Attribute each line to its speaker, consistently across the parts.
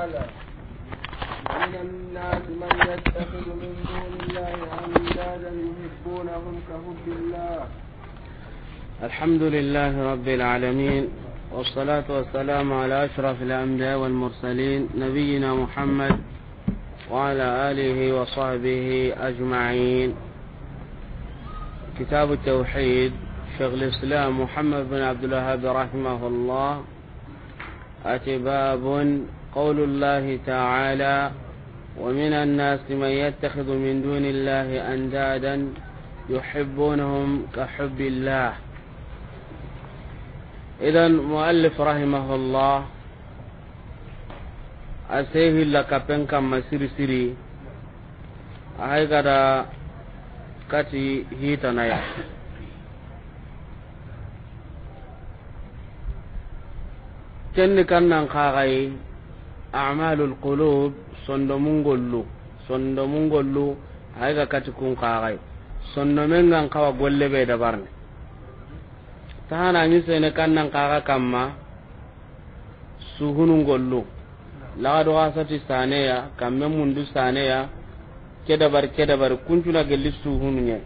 Speaker 1: تعالى من الناس من يتخذ من دون الله أندادا يحبونهم كحب الله الحمد لله رب العالمين والصلاة والسلام على أشرف الأنبياء والمرسلين نبينا محمد وعلى آله وصحبه أجمعين كتاب التوحيد شيخ الإسلام محمد بن عبد الوهاب رحمه الله أتي باب قول الله تعالى ومن الناس من يتخذ من دون الله أندادا يحبونهم كحب الله إذا مؤلف رحمه الله أسيه لك بنك مسير سري أهي قد كتي هيتنا يا كن كان خاغي acmalu lqulub sondomungollu sondomungollu ayga kati kun kaxay sondomengan kawa golleɓe dabarne tahanañi sene kannan kaxa kamma suhunungollu laxaɗoxa sati saneya kamme mundu saneya kedabar kedabar kuncuna gelli suhunuñe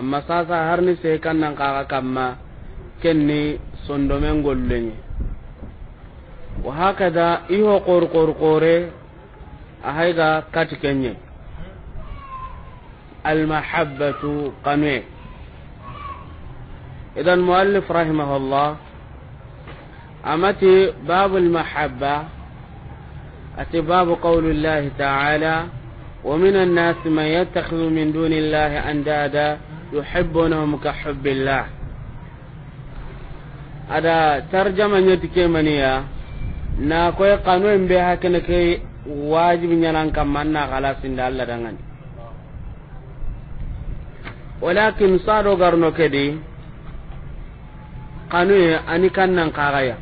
Speaker 1: amma sasa harni se kannan kaxa kamma kenni sondomengolluñe وهكذا إيه قور قور قوري أهيدا كاتكني المحبة قنوي إذا المؤلف رحمه الله أمتي باب المحبة أتي باب قول الله تعالى ومن الناس من يتخذ من دون الله أندادا يحبونهم كحب الله هذا ترجمة nyati na koy qanoen be hakene ke wajibi ñanan kam man kala halasinda allah dangani walakin sado garno kedi kanuye ani kan kannan kagaya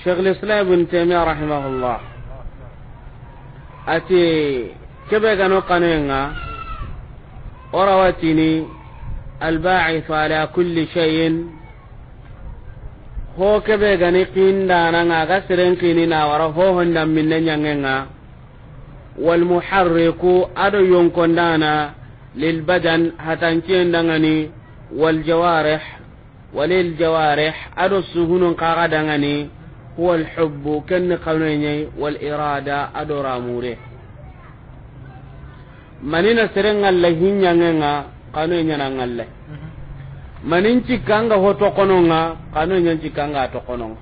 Speaker 1: sheikh lislam ibn taymiya rahimahullah ati kebe gano kanuyenga orawatini الباعث على كل شيء ho kebe gani qindananga ga siren kinina wara ho hondan minne ñangenga walmuharriku aɗo yonkondana lilbadan hatanciendangani waljawarih waliljawarih aɗo suhunun kaga dangani huwa alhubbu kenni kanoyeñei irada ado ramure manina serenga alla hinñangenga kanoyeñanangallai manin cikkanga ho tokononga kano nyen cikkanga tokononga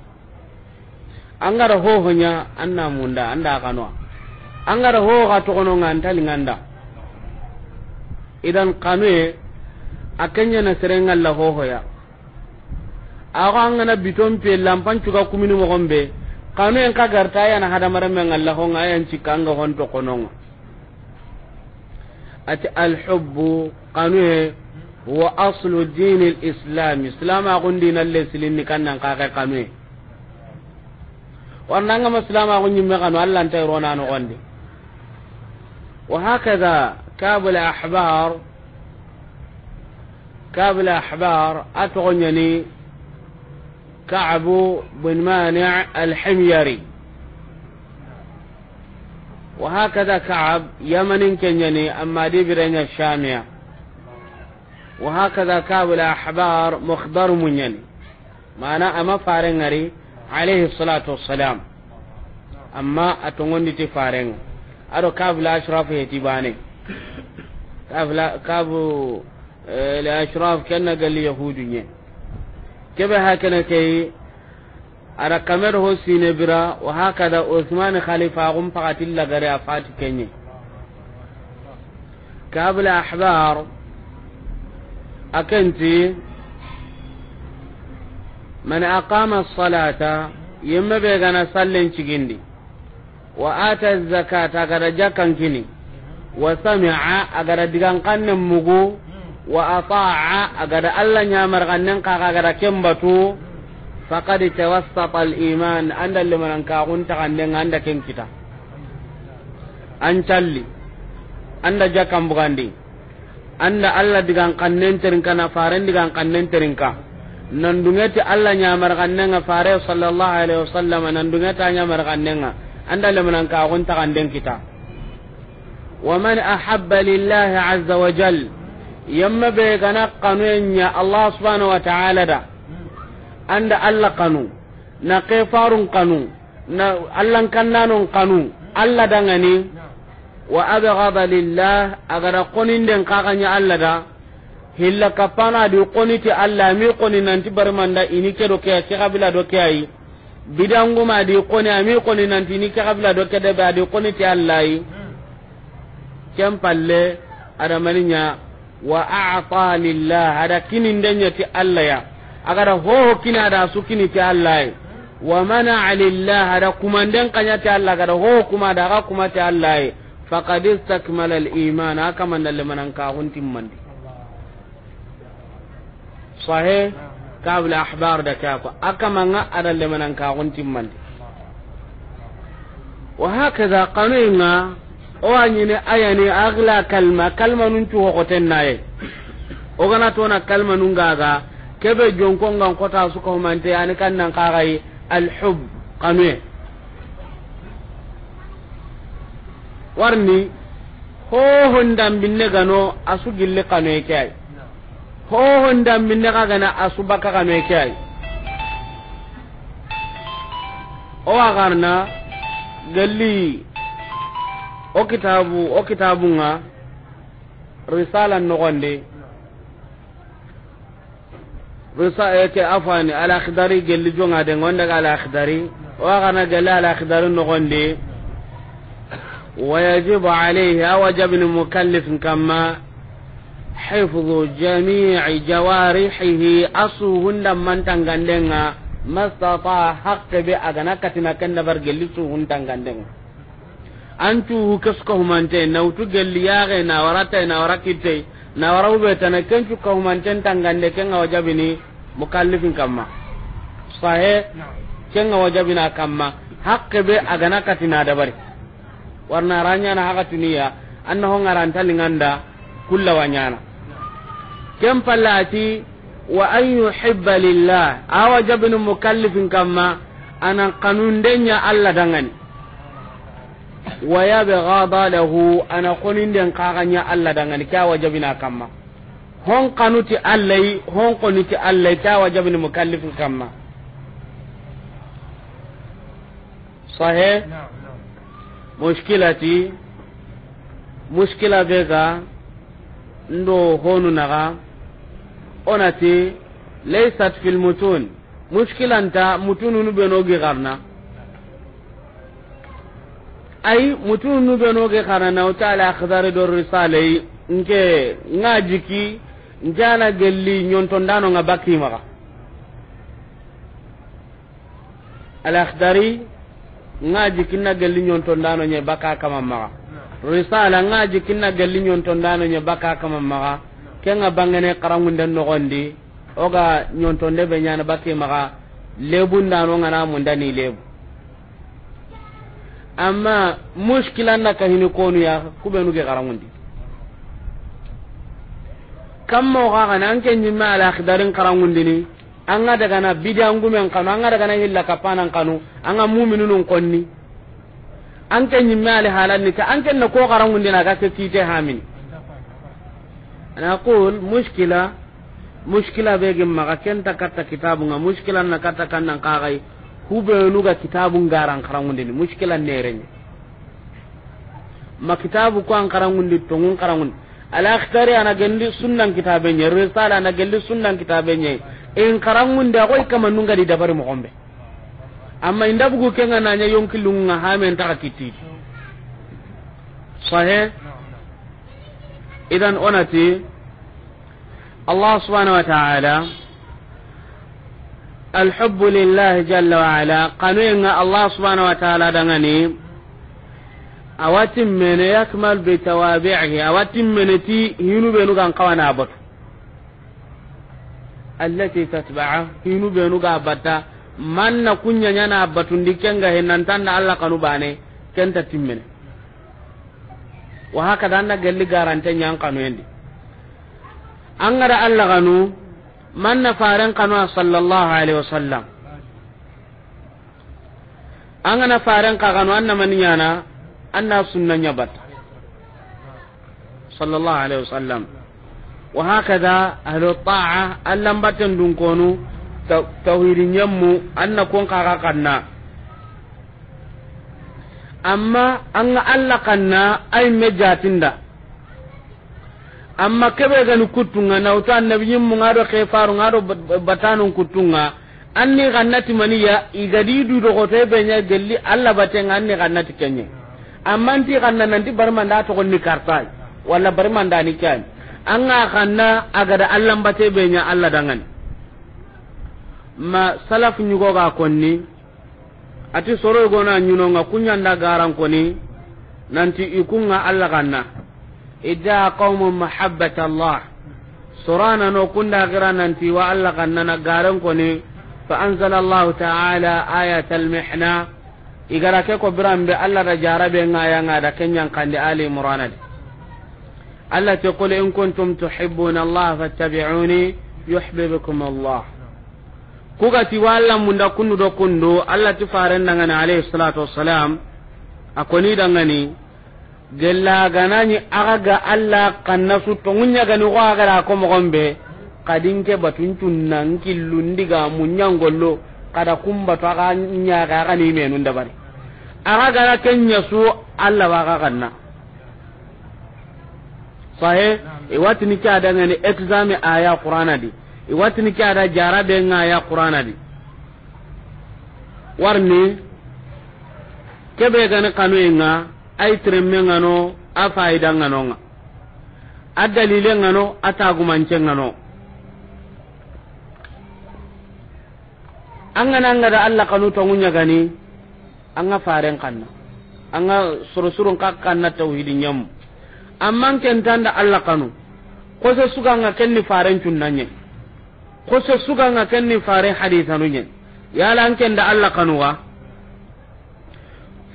Speaker 1: angara ho honya anna munda anda kanwa angara ho ga tokononga antali nganda idan kanwe akenya na serenga la ho hoya ago angana biton pe lampan cuga kumini mo gombe kanu en ka garta ya na hada marame ngalla ho ngayan cikanga hon tokononga ati al hubbu kanu هو أصل دين الإسلام إسلام أقول دين اللي سليني كان نقاق قمي وأننا نعم ما إسلام أقول يمغنو نعم ألا أنت يرونا نغندي وهكذا كاب الأحبار كاب الأحبار أتغنيني كعب بن مانع الحميري وهكذا كعب يمن كنيني أما دي برنيا الشامية وهكذا كابل أحبار مخبر منين ما أنا أما فارنغري عليه الصلاة والسلام أما أتغني تفارنغ أرو كابل أشرف يتباني كابل كابو الأشراف كان قال لي يهودي كيف هكذا كي ada kamer ho sine bira wa hakada usman khalifa gum pakatil la gare afati kenye kabla ahbar akenti man aqama salata yemme be gana sallen cigindi wa ata zakata gara jakan kini wa sami'a agara digan kannen mugu wa ata'a agara allah nyamar kannen kaka gara kembatu faqad tawassata al-iman anda liman ka gunta kannen anda ken kita an calli anda jakan bugandi anda allah digan kannen terinka na faren digan kannen terinka nandungeti allah nyamar nga fare sallallahu alaihi wasallam nya nyamar nga anda lemanan ka gon ta kanden kita wa man ahabba lillahi azza wa jal yamma be gana kanunya allah subhanahu wa ta'ala da anda allah kanu na kefarun kanu na allah kannanun kanu allah dangani wa abghada lillah agara qonin den kaganya alla da hilla kapana di qoniti alla mi qoni nanti barmanda ini kedo ke ke kabila do ke ai bidangu ma di qoni ami qoni nanti ni ke kabila do ke de ba di qoniti alla yi kem palle ada maninya wa a'ta lillah ada kinin denya ti alla ya agara ho kina da su kini ti alla yi wa mana lillah ada kumandan kanya ti alla agara ho kuma da ga kuma ti alla yi faqad istakmala al-iman akaman dalle manan ka huntin man sahe kabul ahbar da ka ko akamanga adalle manan ka huntin man wa hakaza qanina o anyine ayani aghla kalma kalma nun tu hokoten o gana to na kalma nun gaga kebe jonkonga kota su ko mante ani ka kagai al-hub qanue warni hohon dambinne gano asu gille kano yake ay hohon dambinne ka gana asu baka kano yake ay o agarna galli o kitabu o kitabu nga risala nogonde risa eke eh, afani al akhdari gelli jonga de ngonde al akhdari o agarna galli al akhdari nogonde ويجب عليه أوجب المكلف كما حفظ جميع جوارحه أصوهن من تنغندنها ما استطاع حق بأغنى كتنا كن برجل سوهن تنغندنها أنتو من تين نوتو جل ياغي ناورتين ناوركتين nawarawu بيتنا كنتو cukkahumanten من تين ga wajabini mukallifin kamma sahe ken ga wajabina kamma hakke be agana katina warna ranya na haka tuniya anna ho ngaranta linganda kulla wanyana kem pallati wa an yuhibba lillah awa jabnu mukallifin kamma anan kanundenya alla dangani wa yabghada lahu ana qoninden kaganya alla dangani ka wajabina kamma hon kanuti allai hon konuti allai kia wajabni mukallifin kamma sahe mushkilati mushkila bega ndo honu naga onati laysat fil mutun mushkilanta garna ay garna risalei nke jiki njana gelli nyontondano nga maga al akhdari nga jikinna gelli nyonton dano nye baka kama maga risala nga jikinna gelli nyonton dano nye baka kama maga kenga bangene no gondi oga nyonton de be nyana baki maga lebu ndano ngana mundani lebu amma mushkilan na kahini konu ya kubenu ge kam mo ga kana anke nyimma ala khidarin karangu ni anga daga na bidan gumen kanu anga daga na hilla kapanan kanu anga mu'minun konni an kan yimme ali halan ni ta an kan na ko garan garangun dina ga ke kite hamin ana qul mushkila mushkila be gem ken ta katta kitabun ga mushkila na katta nan kagai hube luga kitabun garan karangun dini mushkila ne renye ma kitabu ko an karangun di tongun karangun ala akhtari ana gelli sunnan kitabenye risala ana gelli sunnan kitabenye en karangunde akoy kamannunga di dabari mogonɓe amma inda bugu kenga naña yonkillunga hamen taxa kiti sahe idan onati allah subhanahu wa taala alhubu lillahi jalla waala kanuyenga allah subhanahu wa taala dangani awatimmene yakmal bitawabiihi awatimmene ti hinuɓenugan kawana abatu. allati tatba'a hinu benu ga batta man na kunya nyana diken ga hinan tanda Allah kanu bane kenta timmene wa haka dan na galli garante nyan kanu endi an gara Allah kanu man na faran kanu sallallahu alaihi wasallam an gana faran ka kanu an na man nyana anna sunna nya batta sallallahu alaihi wasallam wa hakada ahlu ta'a allan batten dun konu tawhidin yammu anna kon kaga kanna amma an ga allah kanna ay me jatinda amma kebe gani kuttunga nauta annabi yimmu ngado kefaru ngado batanun kuttunga anni kannati maniya igadi du do goto be nya gelli allah baten anni kannati kenye amma anti kanna nanti barmanda to konni kartai walla barmanda ni kenye anga kanna agada allah bate be nya allah dangan ma salaf nyugo ga konni ati soro go na nyuno nga kunya nda garan koni nanti ikunga allah kanna idza qaumu mahabbata allah sorana no kunda gara nanti wa allah kanna na garan koni fa anzala allah ta'ala ayatal mihna igara ke ko be allah da jarabe nga yanga da kenyan kandi ali muranadi Allah ta kula in kuntum tuhibbuna Allah fattabi'uni yuhibbukum Allah kuga ti walla munda kundu do kundu Allah ti faran daga na alayhi salatu wassalam akoni daga ni gella ni aga ga Allah kanna su to munya gani ko aga ra ko mogombe kadin ke batun tunnan killundi ga munyan gollo kada kumba to aga nya ga ga ni menun da bari aga ga kenya su Allah wa kanna sahe iwatini ke ngani exame aya qur'ana di iwatini ni kada jarabe nga aya qur'ana di warni kebe gani kanu e nga ay tremme ngano afaida ngano nga adalile ngano manche ngano an gana an gada Allah kanu tongunya gani an ga faren kanna an ga sursurun kakkan na tauhidin yammu amma ken tanda Allah kanu ko se suga nga ken ni fare tunnanye ko se suga nga ken ni fare haditha nunye ya lan ken da Allah kanu wa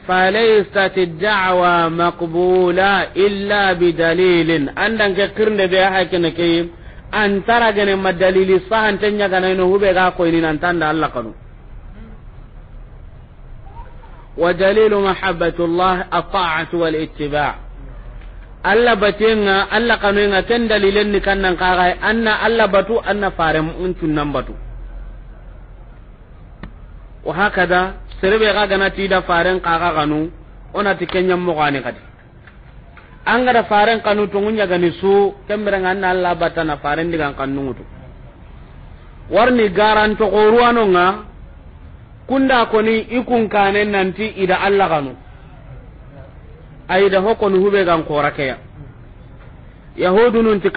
Speaker 1: fa laysa tad'wa maqbula illa bi dalilin andan ke kirnde be ha ken ke antara gane madalili sahan tanya kana no hube ga ko ni nan tanda Allah kanu ودليل محبة الله الطاعة والاتباع nga Allah kanu nga ken dalilen ni kannan kagai anna Allah batu anna fare untun nan batu wa hakada serebe ga gana ti da faren kaga kanu ona ti kenyam mo gani kadi an ga da faren kanu to munya gani su kembere anna bata na faren diga kannu mutu warni garanto ko ruwano nga kunda koni ikun kanen nanti ida Allah kanu ayda hokon hube gan korakeya yahudu nun ti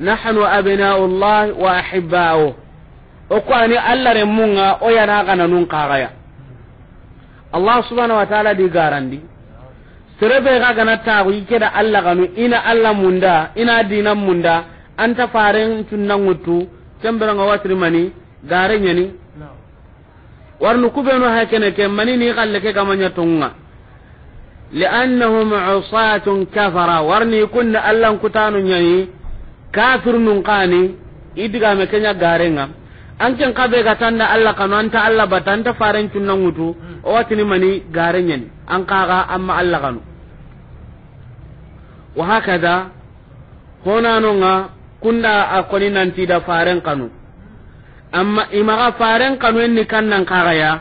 Speaker 1: nahnu abnaullah wa ahibba'u o ko ani allah remmunga o yana kana nun kagaya allah subhanahu wa ta'ala di garandi serebe ga gana tagu ikeda allah kanu ina allah munda ina dina munda anta faren tunna ngutu kembera nga mani gare warnu kubenu hakene ke mani ni galle ke gamanya tunga لأنهم عصاة كفر ورني كن ألا كتانو يعني كافر نقاني إدغا مكنيا غارينا أنكن قبل كتانا ألا كانوا أنت ألا بتانت فارن كنا نوتو أوتني مني غارينا أنكاغا أما ألا كانوا وهكذا هنا نونا كنا أقولنا أنت دا فارن كانوا amma imaga faren kanuenni kannan kagaya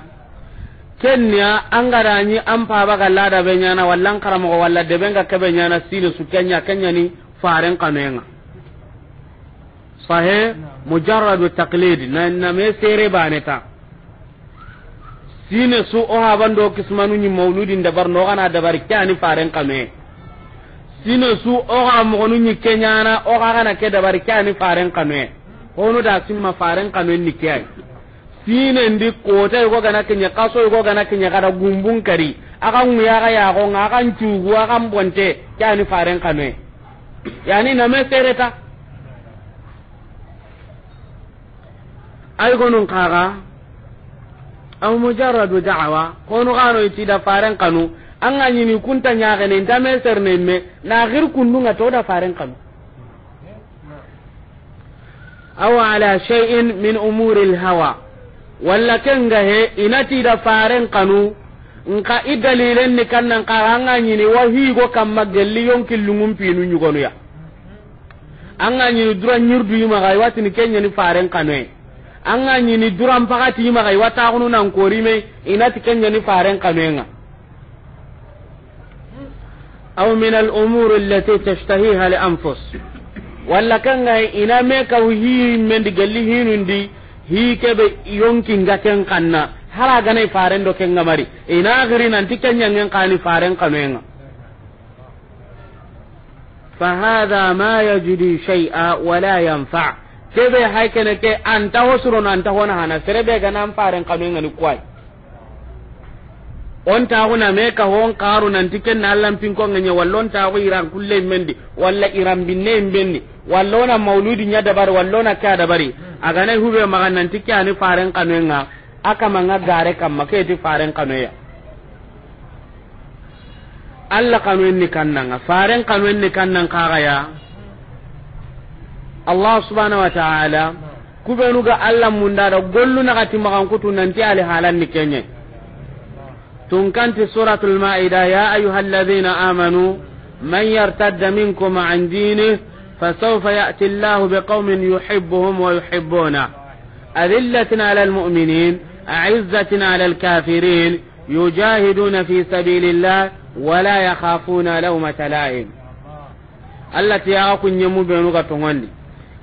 Speaker 1: kenya angara ni ampa ga lada be nyana wallan karamo ko walla de benga ke kebe nyana sile su kenya kenya ni faren kanenga sahe mujarradu taqlid na na me sere baneta sine su o ha bando kismanu ni mauludin da barno kana da bar kyani faren kame sine su o ga mogonu ni kenya na o ga kana ke da bar kyani faren kame ko no da sima faren kame ni kyani ndi kota igo gana kenya kaso igo gana kenya kada gumbun kari akan muyaga yago nga akan cugu akan bonte yani faren kanwe yani na sereta ay gonun kaga aw mujarradu da'wa kono gano itida faren kanu an ga nyini kunta nyaga ne ndame serne me na gir kundunga to da faren kanu aw ala shay'in min umuri al-hawa walla kenga he inati da faren kanu nka i ni kannan ka anga nyini wa go kam gelli yonki lungum pinu nyugonu ya anga nyini dura nyurdu yima ga wati ni kenya ni faren kanu anga nyini dura mpakati yima ga wata kunu nan korime inati kenya ni faren kanu nga aw min al umur allati tashtahiha li anfus walla kanga ina me ka hi mendi gelli hinundi hi kebe yonkin ga ken kanna ga gane faren do ken ngamari ina gari nan tikan yan yan kani faren kanoenga fa hada ma yajidi shay'a wa la yanfa kebe haykene ke anta wasuro nan ta hona hana serebe ga nan faren kanoenga ni kwai on taxuna me ka hon karu nanti kenna allanpinkongeñe walla on taxu iran kulle mendi walla iran binne mendi walla ona mauludi ña dabari walla ona ke a dabari aganai huɓe maga nanti ke ani faren nga a kamanga gare kamma keeti faren kanoya allah kanoen ni kannanga faren kanoen ni kannan gaya. allah subhanau wa taala kuɓenuga allah mundaɗa gollu naxati maxankutu nanti ali ni kenye تنكنت سورة المائدة يا أيها الذين آمنوا من يرتد منكم عن دينه فسوف يأتي الله بقوم يحبهم ويحبونه أذلة على المؤمنين أعزة على الكافرين يجاهدون في سبيل الله ولا يخافون لومة لائم التي أكون يمو بينوغا تغني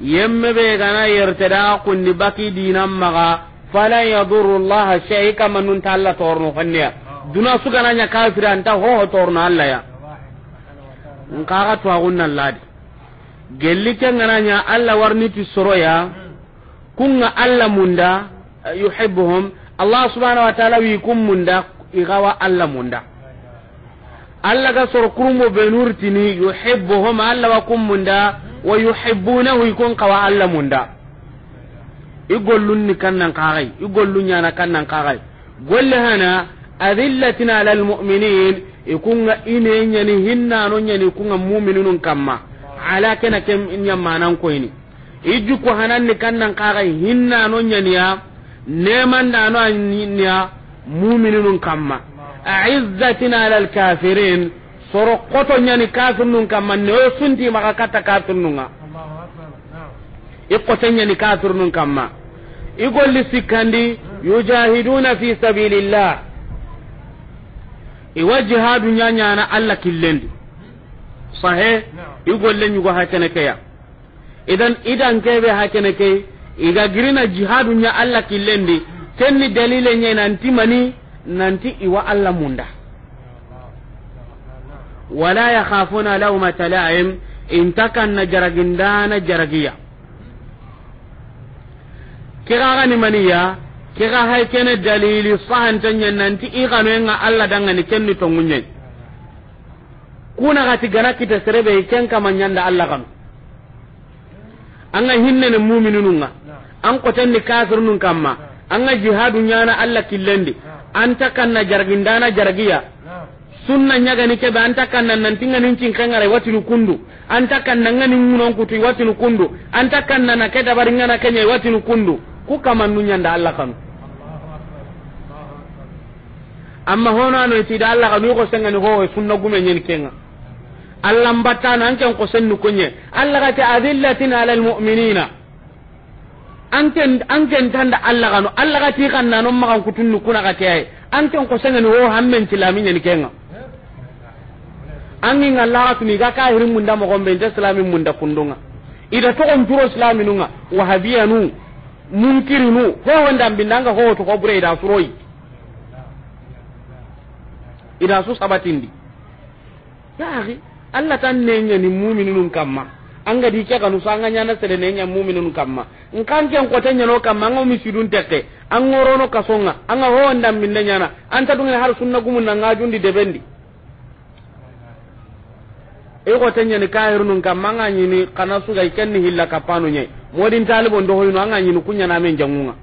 Speaker 1: يم بيغنا يرتدى أكون بكي دينا مغا فلا يضر الله شيئا من ننتهى الله تورنو خنيا duna sugananya kafir anta hoho torno allah ya nkaga twagunnan ladi gelli kengananya allah warniti soroya kunga allah munda yuhibuhum allah subhanahu wa taala wi kun munda igawa allah munda allah ga soro kurumbo benurtini yuhibuhum allah wa kun munda wa yuhibunahu ikun kawa allah munda i gollunni kannan kaxay i gollu kannan kaxay golle hana adillatin ala almu'minin ikunga ine nyani hinna no nyani kunga mu'minun kamma ala kana kem inya manan ko ini iju ko hanan ni kannan kaga hinna no nyani ya neman da no nyani mu'minun kamma a'izzatin ala alkafirin soro koto nyani kafirnun kamma ne sunti maka kata kafirnunga ikote nyani kafirnun kamma igolli sikandi yujahiduna fi sabilillah iwa e, jihadu na allah killendi sahe i golle ñugo ha kene ya idan idan keɓe ha kene ke iga girina jihadu nya allah killendi kenni dalile nya nanti mani nanti iwa allah munda wala yakhafuna laumata laim intakanna jaragindana jaragiya mani ya. ke ga hay kene dalili sahan tanya nanti i kanu nga alla danga ni kenni to munye kuna gati gana kita serebe ken kama nyanda alla kanu anga hinne ne mu'minun nga an koten ni kafir nun kamma anga jihadu nyana alla killendi anta kanna jargindana jargiya sunna ñagani keɓe anta kanna nanti ngani cin cinkangara watinu kundu anta kanna ngani ŋunonkutu watinu kundu anta kanna na ke dabari ngana kenya watinu kundu ku kamannu nyanda Allah kanu amma hono ano ti da Allah kanu ko sengani ni ho e sunna gume nyen kenga Allah mbata nan kan ko sennu kunye Allah ka ta adillatin alal mu'minina anken anken tanda Allah kanu Allah ka ti kan nanon ma kan kutunnu kuna ka tayi anken ko sengani ho hammen tilamin nyen kenga angin Allah ka tuni ga ka hirin munda mo gombe islamin munda kundunga ida to on turo nunga wahabiyanu munkirinu hoho dambindanga hoho to kobure ida suroyi ida su sabatindi yaahi allah tan neñani mumininun kamma anga di ke kanu so anga ñana sere neña muminun kamma nkan ken kote ñano kamma anga misidun tekke an ngorono kasonga anga hoho dambinde ñana anta dungene har sunna gumun na ngajundi debendi i kote ñani kahirunun kamma anga ñini kana su suga ikenni hilla kappanu ñayi modin talibo ndo hoyno anga nyinu kunya na men jangunga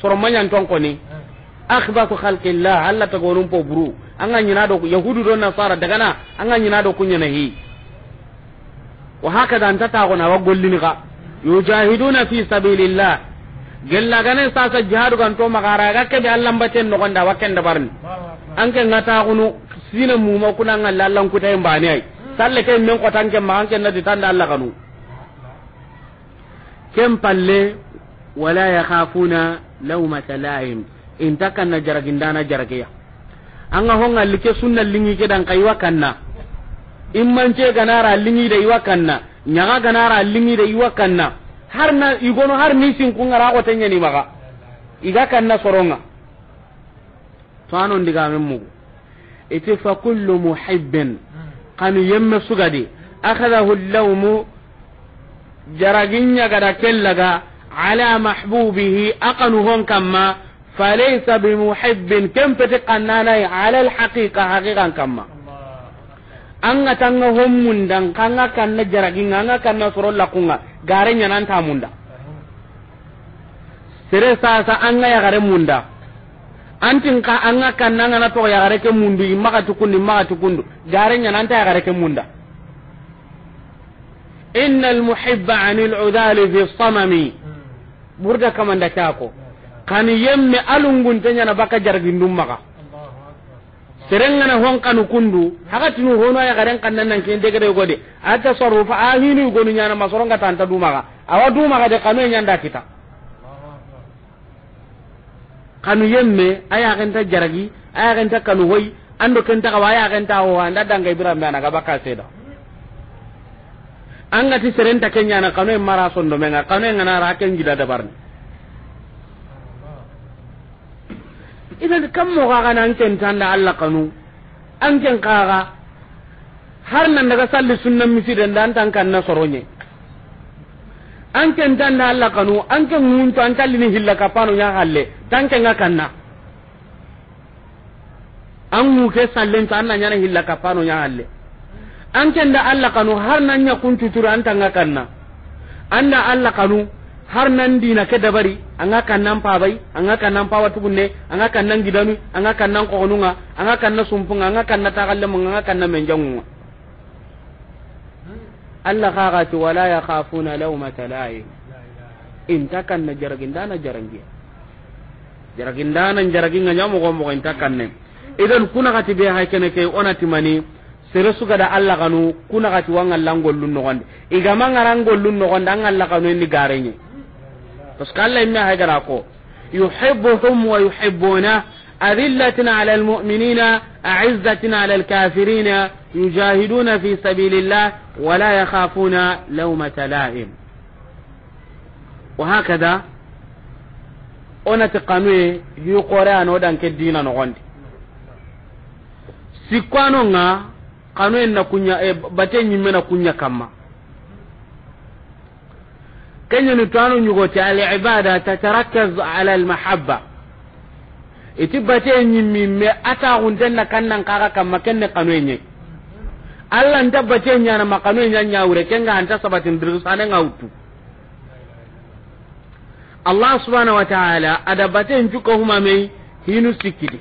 Speaker 1: soro manyan ton koni hmm. akhbatu khalqillah alla ta gonum po buru anga nyina do yahudu do nasara daga na anga nyina do kunya na hi wa hakada anta ta gona wa gollini ka yujahiduna fi sabilillah gella gane sasa jihadu kan to magara ga kebe allan baten no gonda wa kenda barni an ke ngata kunu sina mu ma kuna ngalla allan mbani ai hmm. salle ke men ko tanke ma an ken na ditanda allah kanu ken palle wala yakhafuna lawma talaim inta kanna jaragindana jaragiya anga honga like sunna lingi ke dan kaiwa kanna imman ce ganara lingi da iwa kanna nyaga ganara lingi da iwa kanna har na igono har ni sin kun ara ko tanya maga iga kanna soronga to anon diga men mugu ite fa kullu muhibbin hmm. kan yemma sugadi akhadahu lawmu jaraginya gada kellaga ala mahbubihi aqanu hon kamma falaysa bimuhibbin kam pete kannana ala alhaqiqa haqiqan kamma anga tanga hommun dan kanga kanna jaraginga anga kanna soro lakunga gare nyanan ta munda sere sasa anga ya gare munda antin ka anga kanna ngana to ya gare ke mundu imma ka tukundu imma ka tukundu gare nyanan ta ya gare ke munda inna almuhibba anil udali fi samami burda kamanda kako kani yemme alungun tanya na baka jargindum maka serengana kundu hakati nu hono ya garen kannan nan kin degere gode ata sarrufa ahinu gonu nyana masoronga tanta dumaka awa dumaka de kanu nyanda kita kanu yemme aya jaragi aya kanu hoyi ando kenta kawa aya ganta ho anda danga ibra mbana ga baka seda anga ti serenta kenya na kanu en mara sondo menga kanu en na raken gida da barni idan kam mo ga nan ken tanda alla kanu an ken kaga har nan daga salli sunnan misi den dan tan kan na soronye an ken tanda alla kanu an ken mun to an ni hilla ka pano ya halle tan ken ga kanna an mu ke sallin tan nan nya hilla ka pano ya halle an ken da Allah kanu har nan ya kun tutura an tanga kanna anda Allah kanu har nan dina ke dabari an ga kan nan fa pawatu bunne kan nan gidanu anga an kogonunga anga kannan sumpunga anga kannan tagallemu anga kannan menjangunga Allah ga ti wala ya khafuna lawma talai in kan na jaragin dana jarangi jaragin dana jaragin ga nyamo ko mo in kan ne idan kuna ti be kene ke onati mani sere suga da Allah kanu kuna ka ti wanga langollun no gonde iga mangaran gollun no gonde an Allah kanu ni garenye to skalla imma ha gara ko yuhibbuhum wa yuhibbuna adillatin ala almu'minina a'izzatin ala alkafirina yujahiduna fi sabilillah wa la yakhafuna lawmata la'im wa hakada onati kanue hi qore anodan ke dina no gonde sikwanonga kanu en na kunya e bate nyimme na kunya kama kenya ni tanu nyugo ta Ali ibada tatarakkaz ala al mahabba iti bate nyimmi me ata hunden na kannan kaka kamma kenne kanu enye allah nda bate nyana makanu enya nyaure kenga anta sabatin dirusane ngautu allah subhanahu wa ta'ala ada bate njuko huma mai hinu sikidi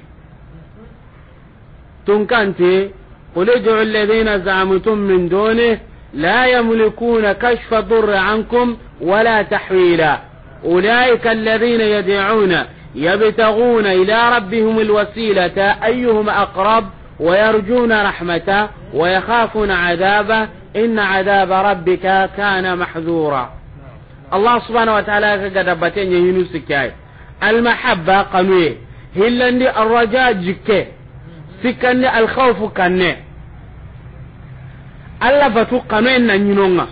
Speaker 1: tunkante قل ادعوا الذين زعمتم من دونه لا يملكون كشف ضر عنكم ولا تحويلا أولئك الذين يدعون يبتغون إلى ربهم الوسيلة أيهم أقرب ويرجون رحمته ويخافون عذابه إن عذاب ربك كان محذورا الله سبحانه وتعالى قدبتين يهنو سكاي المحبة قنوية هلندي الرجاء جكه sikkandi alkhawfu kanne alla batu kanoen na ñinonga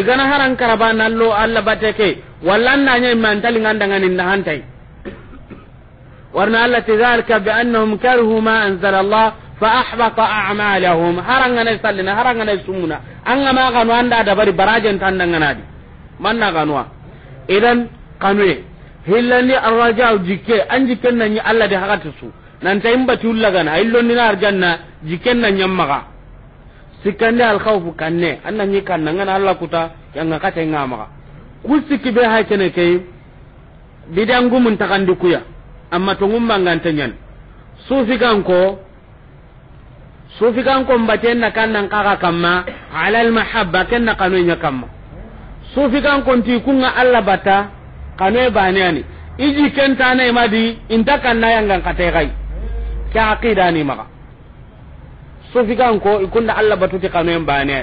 Speaker 1: igana haran karaba nallo alla bate ke walla naña mantalingandangani ndahantay warna alla ti dhalika bi annahum karihu ma anzala allah fa ahbata a'malahum harangana sallina harangana sumuna anga ma kanu anda dabari barajen tandanganadi manna kanuwa idan kanue hillani arraja'u jikke an jikken nanyi alla de hakati su nanta imba tullagana aillondina arjanna jikenna ñammaga sikkande alkhawfu kanne anna ñi kanna ngana allah kuta yanga kate ngamaga ku sikki be ha kene kay bidangumun takandi kuya amma to ngumma ngante ñan sufi ganko sufi ganko mbatenna kannan kaga kamma ala almahabba kenna kanoyña kamma sufi ganko nti kunga allah batta kanoye baneani iji kentanaimadi inta kanna yangan kate kay ke aqida ni maga sufi kan ko ikunda Allah batuti kanoyen bane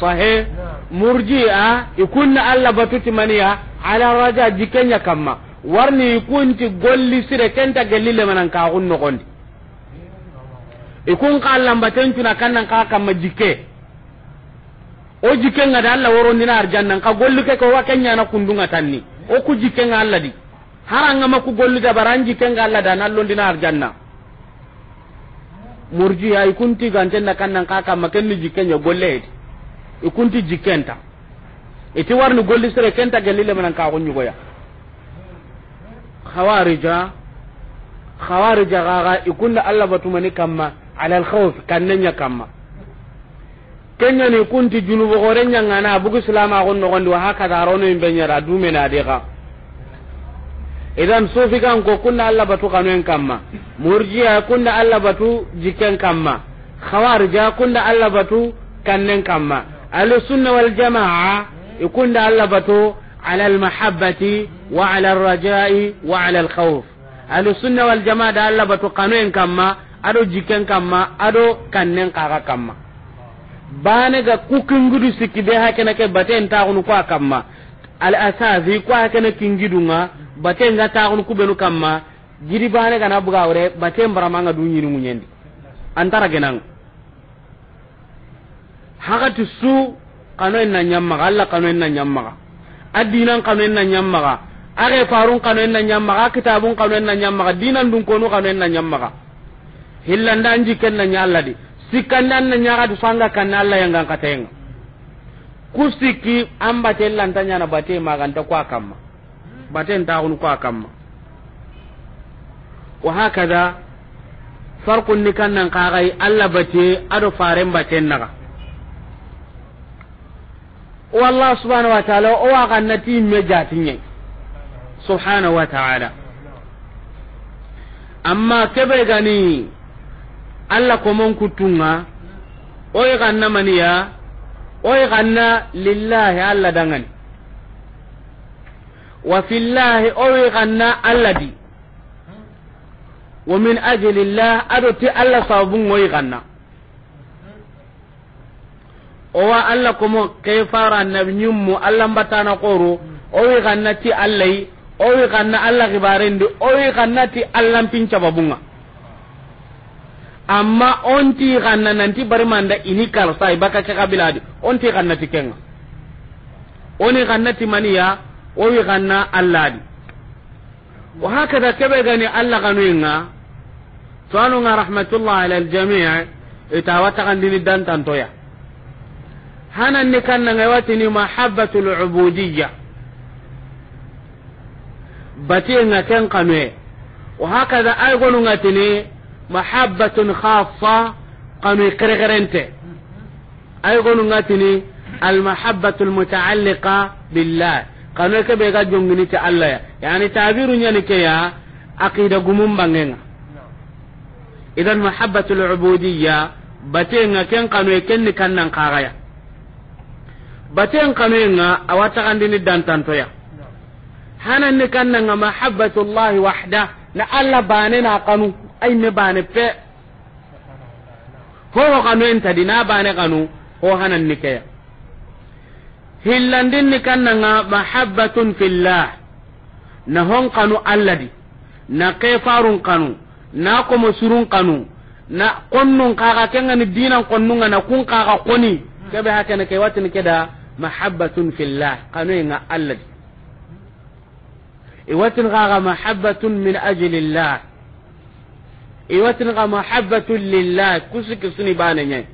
Speaker 1: sahe murji'a ikunna Allah batuti maniya ala raja jikenya kamma warni ikunti golli sire kenta gelile manan ka gun no gondi ikun qalla mbaten tuna kannan ka kamma jike o jike ngada na worondina arjannan ka golli ke ko wakenya na kundunga tanni o ku jike ngalla di haranga maku golli gabara baranji kenga alla da nallon dina arjanna murji ay kunti gantenna kannan kaka makenni jikenya golle hedi ikunti jikenta iti warni golli sere kenta gelile kan ko nyugo ya khawarija khawarija gaga ikunna alla batumani kamma ala al khawf kannenya kamma kenya ni kunti junubo gorenya ngana bugu salama gonno no gondi wa no imbenya imbenyara dumena dega idan sufi kan ko kunna Allah batu kanuen kamma murjiya kunna Allah batu jiken kamma khawarija kunna Allah batu kannen kamma ahlu sunna wal jamaa ikunna Allah batu ala al mahabbati wa ala al rajai wa ala al khawf ahlu sunna wal jamaa da Allah batu kanuen kamma ado jiken kamma ado kannen kaga kamma bane ga kukingudu sikki be hakena ke baten taunu kwa kamma al asazi kwa hakena kingidunga baten ga taxun kubenu kamma gidi bane gana buga wure baten baramanga du ñini ŋuñendi antara genang hakati su kanoen na ñammaga alla kanoen na ñammaga a dinan kanoen na ñammaga a ke farun kanoen na ñammaga a kitabun kanoen na ñammaga dinan dun konu kanoen na ñammaga hillanda an jikken na ñalla di sikkanda an na ñagatu sanga kanna alla yangan katenga ku sikki an bate na ñana bate maganta ko a kamma baten taxunu ko a kamma wa hakada farkun ni kan nan kaxay allah bate ado faren baten naga wallahi subhanahu wa taala o wa ti me jatinye subhanahu wa taala amma keɓe gani allah komon kuttunga maniya o oyi xanna lillahi allah dangani wa fillahi owi ganna allah di wa min ajlillah ado ti allah sabun oyi ganna owa allah komo kay fara annabi ñimmu allah mbatana koro owi ganna ti allah yi owi ganna allah kibarendi owi ganna ti allah pincababunga amma onti ganna nanti barimanda ini karsa ibaka ke kabiladi onti ganna ti kenga oni ganna ti maniya o wi ganna allah di wa hakada kebe gani allah ganu inga to anu nga rahmatullah ala al jami' ita wata kan dini dan tantoya hanan ni kan nga watini mahabbatul ubudiyya bati nga ken kanwe wa hakada ay gonu ngatini mahabbatun khassa kanu kerekerente ay gonu ngatini al mahabbatul muta'alliqa billah kanu kebe be ga jongini ti Allah ya yani tabiru nyani ke ya aqida gumum bangenga idan mahabbatul ubudiyya batenga ken kanu e ken ni kannan kagaya baten kanu nga awata kandini dantanto ya hanan ni kannan nga mahabbatullah wahda na Allah bane na kanu ay me bane pe ho kanu entadi na bane kanu ko hanan ni ke ya hillandin ni kannanga mahabbatun fillah na hon kanu alladi na kefarun kanu na kuma surun kanu na konnun kaga kenga ni dinan konnunga na kun kaga koni hmm. kebe na kai watin keda mahabbatun fillah kanu nga alladi iwatin kaga mahabbatun min ajlillah iwatin kaga mahabbatun lillah kusiki suni bane nyai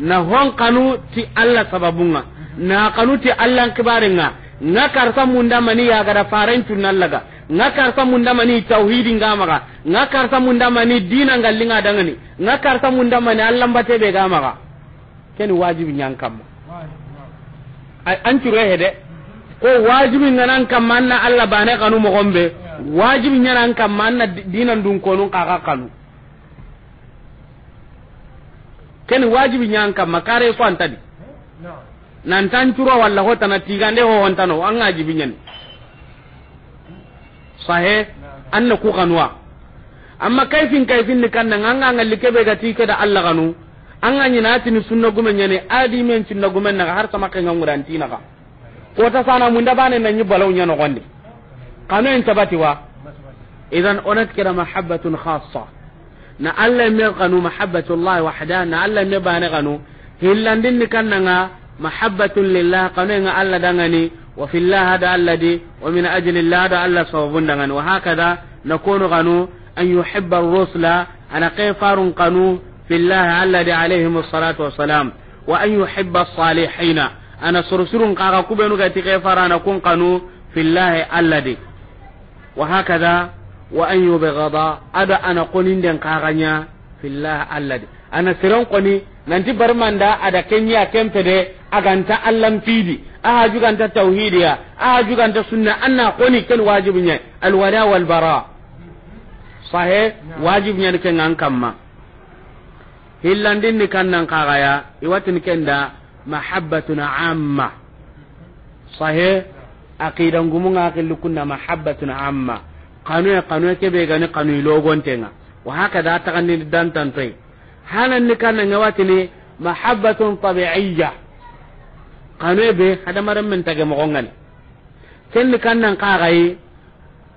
Speaker 1: na hon kanu ti allah sababunga na kanuti allan kibarenga nga karsa munda mani ya gara faran tunan laga na karsa munda mani tauhidi nga maga na karsa munda mani dina ngallinga dangani na karsa munda mani allan bate be ga maga ken wajibi ma kamma an he de ko wajibi nanan kamma manna allah bane kanu mo gombe wajibi nanan kamma manna dina dun kono kaka kanu ken wajibi nyan kamma kare ko antadi nantan curo walla ho tana tigande ho hon tano an ngaji binyan sahe anna ku kanwa amma kaifin kaifin ni kan nan an ga ngalli kebe ga tike da Allah kanu an ga nyina tini sunna gumen nyane adi men sunna gumen na har sama kan nguran tina ka ko ta sana mun da bane nan yibalau nyano gonde kanu en tabati wa idan onat kira mahabbatun khassa na Allah me kanu mahabbatullah wahda na Allah me bane kanu hillandin ni kan nan mahabbatun lillah qanenga alla dangani wa fillah hada alladi wa min ajli allah hada alla sababun dangani wa hakada nakunu qanu an yuhibba ar-rusula ana qifarun qanu fillah alladi alayhi as-salatu was-salam wa an yuhibba as-salihina ana sursurun qaga kubenu gati na kun qanu fillah alladi wa hakada wa an yubghada ada ana qonin den qaganya fillah alladi ana siran qoni nanti barmanda ada kenya de aganta allam fidi aha tauhidi ya aha anta sunna anna koni ken wajibunya alwala wal bara sahe wajibnya ni ken kamma hillandin ni kannan kagaya ni kenda mahabbatuna amma sahe aqidan gumunga akillukunna mahabbatuna amma kanu ya kanu kebe gani kanu ilogontenga wa hakada tagandi dantantai hanan ni kan nga watini mahabbatun tabi'iyya kanwe be hada maran min tage mo ngani ken ni kan nan ka gai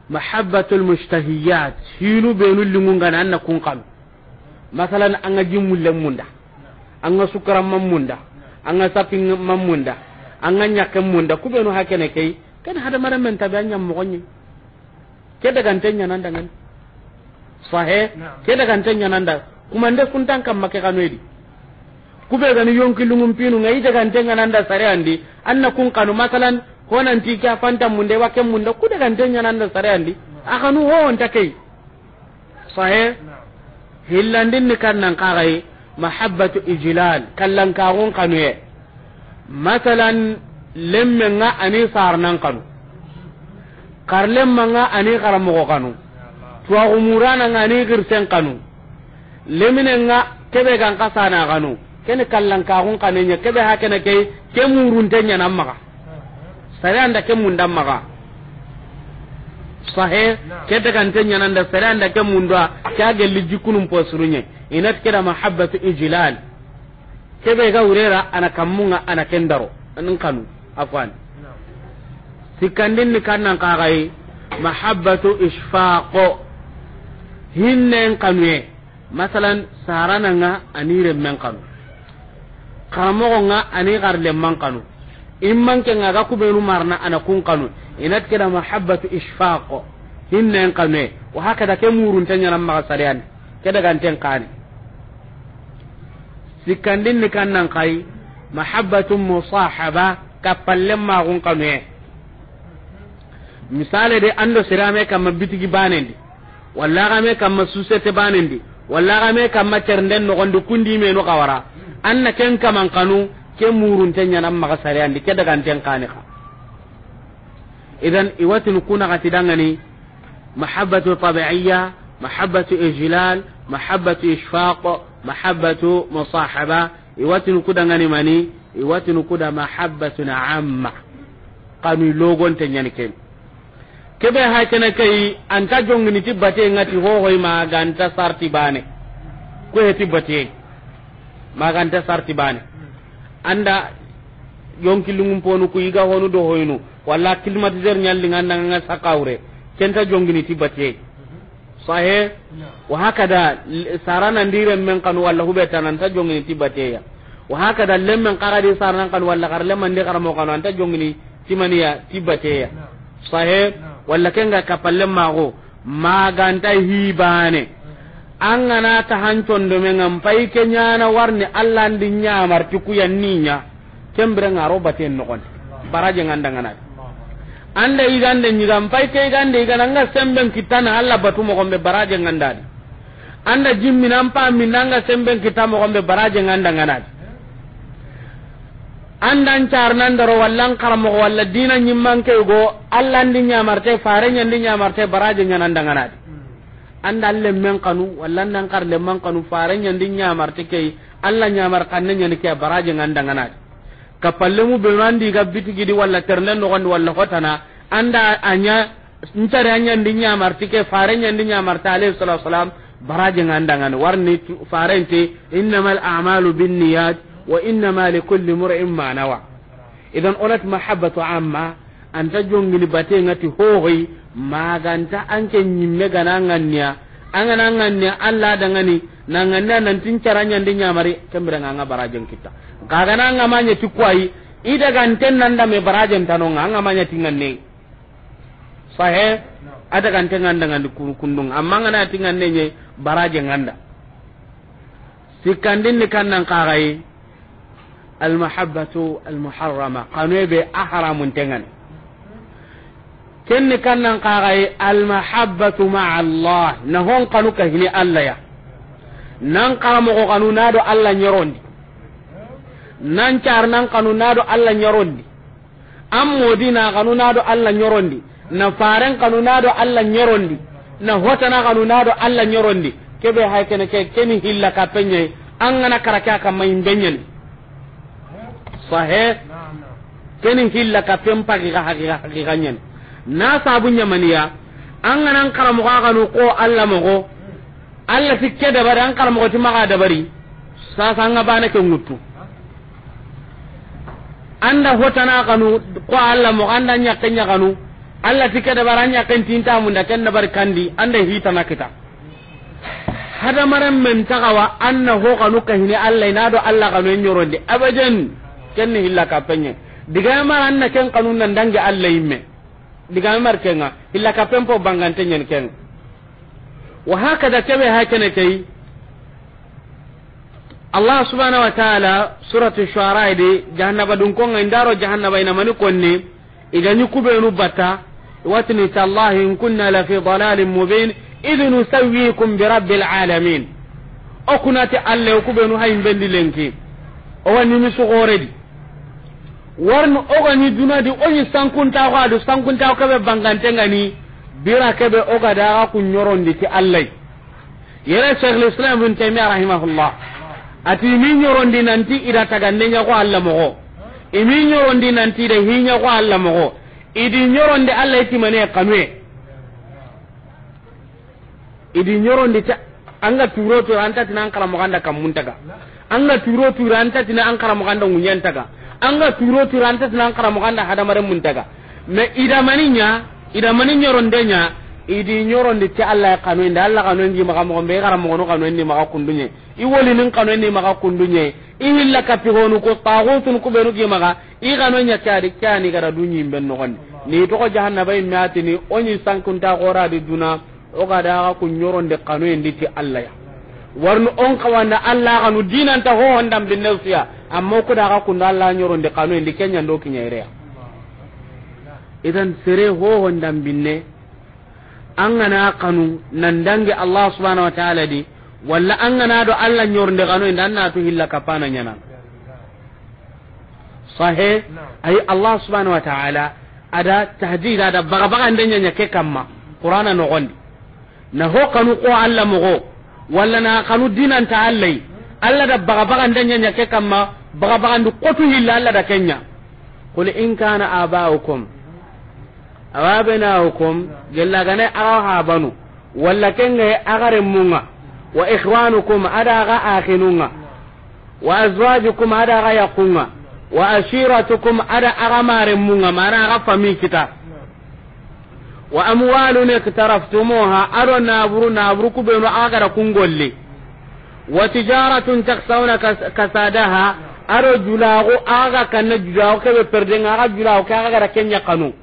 Speaker 1: mahabbatul mushtahiyat hinu be nu lingu ngana anna kun kam masalan an ga jimul munda an ga sukaran munda an ga sapin munda an ga nyakan munda ku be nu hakene kai ken hada maran min tabe anyam mo ngani ke daga ntenya nan dangan sahe ke daga ntenya nan dangan kuma nde tan kam make kanwedi kube gani yonkilungum pinu ngai dagantenga nanda sare andi anna kun kanu masalan ti ke fanta munde wake munde ku dagantenya nanda sare andi akanu howonta kei sahe kan nan kaxayi mahabbatu ijlal kanu e masalan nga ani sar nan kanu karlem manga ani karamugo kanu nga ani girsen kanu nga kebe kan kasana ganu kene kallan ka hun kanenya kebe ha kene kay ke muruntenya nan maga sare anda ke mun dan maga sahe ke kan tenya nan da sare anda ke mun da ka ga lijikunun surunye inat kira mahabbatu ijlal kebe ga urera ana kamunga ana kendaro nan kanu afwan sikandin ni kannan kagai mahabbatu ishfaqo hinnen kanuye masalan sarana nga ani remmen kanu karamogo nga ani man kanu imman ke nga ga kubenu marna ana kun kanu inat keda mahabbatu hinne en kanu e. wa da ke murun tanya nan maka sariyan keda ganten kan sikandin ni kannan kai mahabbatu musahaba kapallem ma kun kanu e. misale de ando sirame kamma bitigi banendi walla game kam susete banendi walla ga me kamma ternden no gondi kundi me no kawara anna ken kaman kanu ke murun tanya nan maka sare andi ke daga anten ka idan iwatin kuna ga tidangani mahabbatu tabi'iyya mahabbatu ijlal mahabbatu ishfaq mahabbatu musahaba iwatin kudangani mani iwatin kuda mahabbatun amma kanu logon tanya ni kebe ha kene kai anta jongni ti bate ngati ho hoy ma ganta sarti bane ko heti bate ma ganta sarti bane anda yonki lungum ponu ku iga honu do hoynu walla climatiser nyalli nganna nga sakawre kenta jongni ti bate sahe wa hakada sarana ndire men kan walla hubeta nan ta jongni ti bate ya wa hakada lemmen qaradi sarana kan walla kar lemman de karamo kanu anta jongini timaniya ti bate ya sahe walla nga kapalle mago maganta hibane an gana ta hancon do men an pai kenya na warne allah ndi nyamar tiku yan ninya kembre ngaro baten no kon baraje ngandanga na anda igande nyi gam pai ke igande igana nga semben kitana allah batu mo gombe je ngandadi anda jimmi nan pa min nanga semben kitamo gombe baraje ngandanga na andan carnan daro wallan karamo walla dina nyimman ke go allah ndi nyamarte fare nyen nyandi nyamarte baraje nyananda ngana hmm. anda le men kanu walla nan kar lem man kanu fare nyen nyandi nyamarte ke allah nyamar kanne nyani ke baraje nganda ngana kapalle mu be mandi ga bitigi di walla terne no gondi walla hotana anda anya ntare anya ndi nyamarte ke fare nyen nyandi nyamarte alayhi salatu wassalam baraje nganda ngana warni fare inte innamal a'malu binniyat wa innama likulli mur'in ma nawa idan onat mahabbatu amma anta jongini bate ngati hoyi maganta anke nyimme gana ngannya angana ngannya alla dangani na ngannya nan tincaranya ndinya mari kembira nganga barajen kita kagana ngamanya tikwai ida ganten nanda me barajen tanonga ada ganten nganda ngandi kundung amma ngana tinganne nye baraje nganda sikandin ni kannan kagai almahabbatu almuharrama kanoe be aharamun tengan kenni kannan kaxaye almahabbatu maa allah na hon kanu kahini allah ya nan karamogo kanu naado allah ñorondi nan car nan kanu naado allah ñorondi an modi na kanu naado allah ñorondi na faren kanu naado allah ñorondi na hotana kanu naado allah ñorondi kebe hay kene ke keni hilla ka penye an gana karake a kamma yimbe ñani sahe kenin hilla ka pempa giga hagiga hagiga nyen na sabu nyamaniya an nan karam ga ga kanu ko alla mo go alla fi ke da bari an karamo ti maga da bari sa sa nga bana ke ngutu anda hotana kanu ko alla mo anda nya nya ke ga nyakenya alla fi ke da bari an yaken tinta mun da ken da bari kandi anda hita nakita hada maram men ta ga wa anna ho ga ka kahini alla ina do alla ga Allah nyoro de abajan ken ni hilla kapenye diga ma anna ken kanun nan imme diga mar kenga hilla kapen po bangante nyen ken wa hakada kebe hakene kai Allah subhanahu wa ta'ala suratu shuara idi jahannaba dun ko ngai ndaro jahannaba ina mani konni igani kubenu bata watni tallahi in kunna la fi dalalin mubin idh nusawwikum bi rabbil alamin okunati alle lenki o wani mi warno ogani sankun oyi sankuntaku adu be bangante ngani bira nyoron di ti allah yere shaykhul islam ibn taimia rahimahullah ati nyoron di nanti ida ko allah mogo nyoron di nanti ida ko allah ko idi ñorondi allah mane kanue idi ñorondi ta anga turo tura antatina an karamogo anda kammuntaga anga turo tura antatina an karamogo anda taga. anga turo tiro anta tinan karamo ganda hadamaren mun daga me nya idamani nyorondenya idi nyorondi ti Allah kanu inda Allah kanu ndi maka mo be karamo kono kanu ndi maka kundunye i woli nin kanu ndi maka kundunye i hilla kapigonu ko tagutun ku benu gi maka i kanu nya kadi kani gara dunyi ben no kan ni to ko jahannaba imati ni onyi sankunta gora di duna o kada ku de kanu ndi ti Allah ya warnu on kawanda Allah kanu dinan ta ho honda binne suya amma ko da ka kunda Allah nyoro de kanu indi kenya ndo kinyairea idan sere ho honda binne an kanu nan dange Allah subhanahu wa ta'ala di walla an do Allah nyoro de kanu indan na tu hilla kapana nyana sahe ay Allah subhanahu wa ta'ala ada tahdida da baga baga ndenya nyake kamma qur'ana no gondi na ho kanu ko Allah mo wala na kanu dinan ta allai alla da baga baga danya nya ke kamma baga baga ndu kotu hilla alla da kenya qul in kana abaukum hukum gella gane ha banu wala kenga agare munga wa ikhwanukum ga akhinunga wa azwajukum ga yaqunga wa ashiratukum ada agamare munga mana aga fami kita wa amwalun iktaraftumuha aro naburu naburu kubenu agara kungolli wa tijaratun taksawna kasadaha aro julago aga kanna julago kebe perdenga aga julago ke aga gara kenya kanu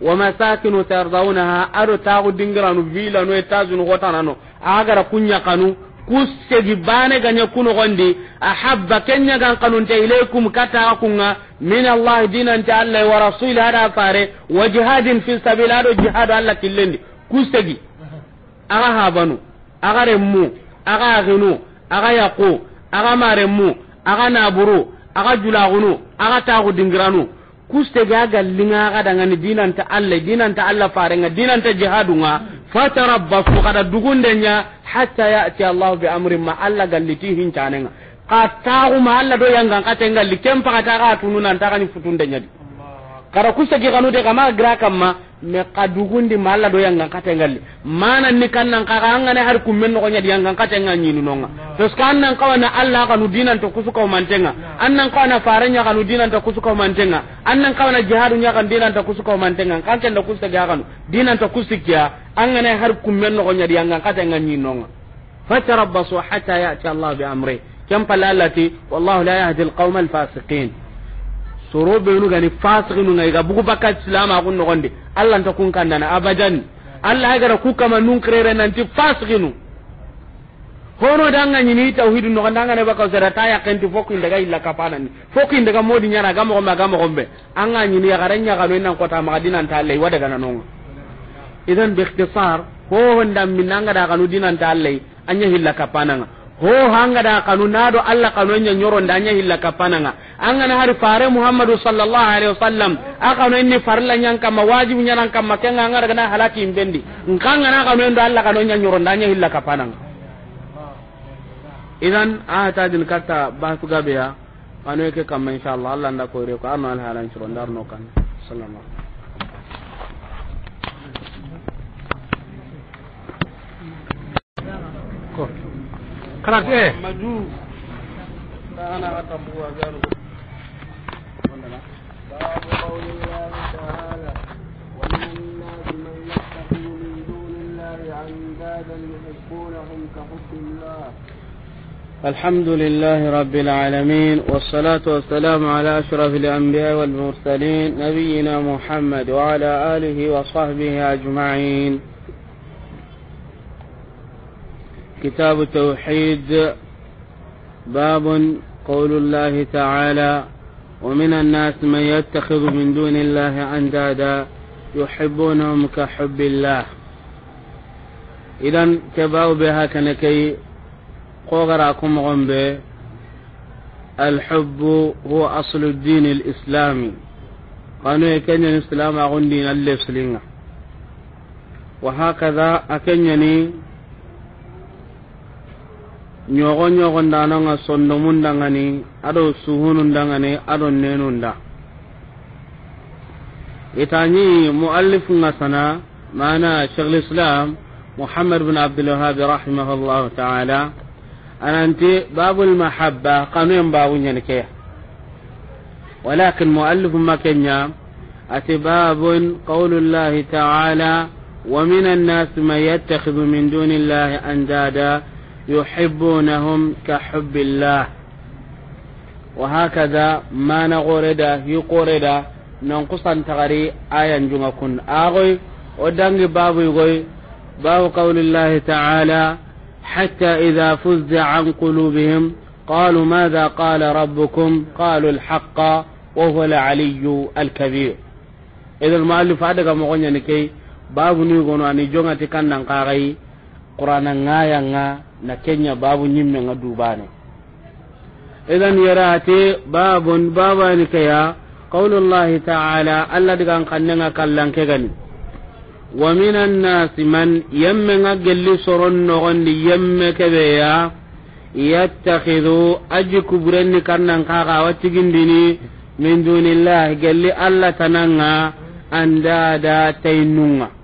Speaker 1: wa masakinu tardawnaha aro tagu dingiranu vila no etazunu gotanano aga gara kunya kanu kusegi bane kuno gondi ahabba kenya gan kanunte ilaykum kata akunga min allah dinanta allah wa rasul hada fare wa jihadin fi sabil jihad allah killendi kusegi aga habanu aga remmu aga ginu aga yaqu aga maremmu aga naburu aga julagunu aga tagu dingiranu kusegi aga linga aga dangani dinanta allah dinanta allah fare nga dinanta jihadunga fatarabbasu kada dugundenya hatta yati allah bi amrin ma alla galliti hincanenga ka taxuma alla do yangan kate ngalli ken pakata ka tunu nanta kani futundenya di kada kusegi kanude kama gira kamma me kadugundi ma alla do yangan katengalli mana ni kannan kaka angane har kummen no gonya yangan katenga nyinu nonga to skannan kawana alla kanu dinan to kusuka mantenga annan kawana faranya kanu dinan to kusuka mantenga annan kawana jihadu nya kan dinan to kusuka mantenga kanken da kusuka ga kanu dinan to kusikia angane har kummen no gonya yangan katenga nyinu nonga fatarabbasu hatta ya'ti allah bi amri kam palalati wallahu la yahdi alqawma alfasiqin soro benu gani nu ngai ga bugu bakka islama no gonde allah ta kun kandana abajan allah gara ku kama nun krere nanti nu hono danga nyini tauhid no kandanga ne baka sera ta yakenti foku ga illa kapana ni foku ga modi nyara ga mo ga mo gombe anga nyini ya garanya ga nan kota madinan ta allah wada gana no idan bi ikhtisar ho honda minanga da kanu dinan ta allah anya hilla kapana ho hanga da kanu nado alla kanu nya nyoro ndanya hilla kapananga angana hari fare muhammadu sallallahu alaihi wasallam aka no inni farla nya kama wajibu nya nan makenga kenga ngara kana halaki mbendi nkanga na kanu ndo alla kanu nya nyoro ndanya hilla kapananga idan a ta din kata su gabe ya kanu yake kama insha allah Allah nda ko re ko arno al halan churon no kan sallallahu خلاص ايه مجوز فانا اتبوى ذلك الله تعالى من من دون الله يحبونهم
Speaker 2: كحب الله
Speaker 1: الحمد لله رب العالمين والصلاة والسلام على أشرف الأنبياء والمرسلين نبينا محمد وعلى آله وصحبه أجمعين كتاب التوحيد باب قول الله تعالى ومن الناس من يتخذ من دون الله اندادا يحبونهم كحب الله اذا كباو بها كنكي قوغراكم غنبي الحب هو اصل الدين الاسلامي قالوا يكن الاسلام اغن دين اللي وهكذا اكنني nyogo nyogo ndana nga sondo munda ngani ado suhunu ndangani ado nenu nda itani muallif nga sana mana shaykhul islam muhammad bin abdul wahhab rahimahullah ta'ala ananti babul mahabba qanun babu nyanike walakin muallif makanya ati babun qaulullah ta'ala ومن الناس من يتخذ من دون الله أندادا يحبونهم كحب الله وهكذا ما نغرد يقرد عن تغري آية جمكن آغي ودنج باب يغي باب قول الله تعالى حتى إذا فزع عن قلوبهم قالوا ماذا قال ربكم قالوا الحق وهو العلي الكبير إذا المؤلف هذا مغنى نكي باب نيغونو أني جونغتي كان نقاغي قرآن نغايا na kenya babu nyimme nga dubane idan yarate babun babani kaya qaulullahi ta'ala alla digan kannenga kallan kegani. wa min nasi man yamme nga gelli soron nogondi yamme kebeya yattakhidhu aji kuburenni kannan kaga watigindini min dunillahi gelli alla tananga andada tainunga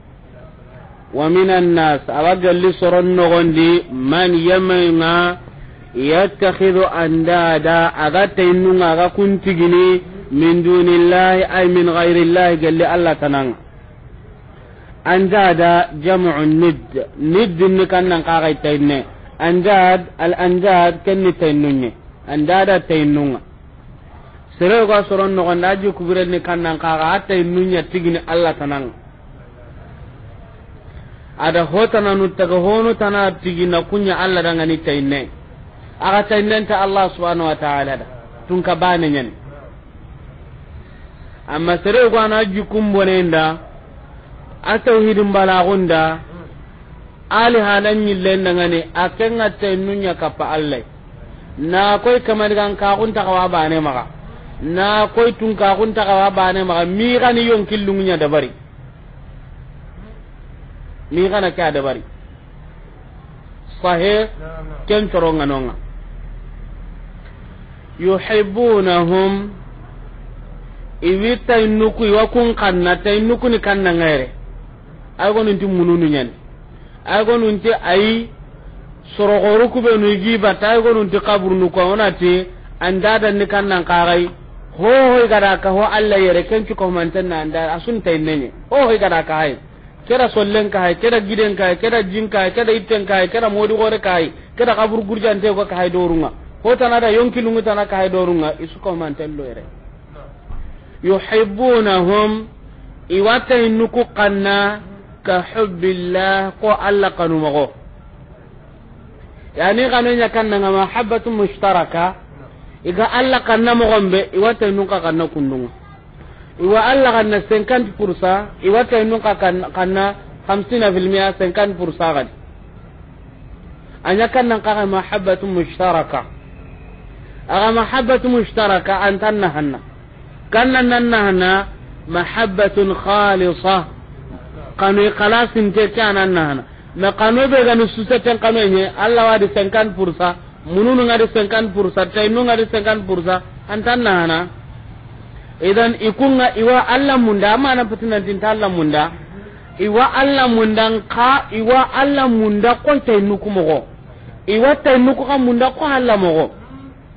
Speaker 1: wa minan nas awa galli soron nogondi man yamayunga yattakhidu andada aga tainnunga aga kuntigini min dunillahi ay min ghairillahi galli allah tananga andada jam'u nid nid ni kannan kaga tainne andad al andad kenni tainnunye andada tainnunga sere ga soron nogonda ji kubirenni kannan kaga tainunya allah ada hotana nuta taga hono tana tigi na kunya Allah danga ni tayne aga tayne ta Allah subhanahu wa ta'ala da tun ka bane nyen amma sere ko ana bone nda a tawhidin balagunda ali halan yille nanga ni akenga taynunya kapa Allah na koy kamar gan ka kunta ka bane maga na koy tun ka kunta ka bane maga mi gani yon killunya dabari mi gana ke adabari sahe ken coronga nonga yuhibbunahum iwi tay kun kanna ni kanna ngere ay gonu mununu nyen ay gonu ay kube gonu qabru onati andada ni kanna ho ho gara ka ho alla yere ken ci ko anda asun tay nenye ho ho gara ka hay kera sollen ka hay kera giden ka hay kera jin ka hay keda itten ka hay keda modi gore ka hay keda kabur gurjante ko ka hay dorunga ho tanada yonkilungu tana ka hay dorunga isuko mantello ere yuhibbunahum iwata innuku qanna ka hubbillah ko alla kanumago yani kanenya kannanga mahabbatu mushtaraka iga alla kanna mogombe iwata innuka kanna kunnunga iwa alla ganna 50% iwa kaynu ka kan kanna 50% 50% gadi anya kannan kaga mahabbatu mushtaraka aga mahabbatu mushtaraka antanna hanna kannan nanna hanna mahabbatun khalisa kanu khalasin te kana nanna na kanu be ganu suseten kanu nye alla wa wadi 50% mununu ngadi 50% taynu ngadi 50% antanna hanna idan ikunga iwa allah munda fitin nan tin allah munda iwa allah munda ka iwa allah munda ko tay nuku mogo iwa tay nuku ka munda ko allah mogo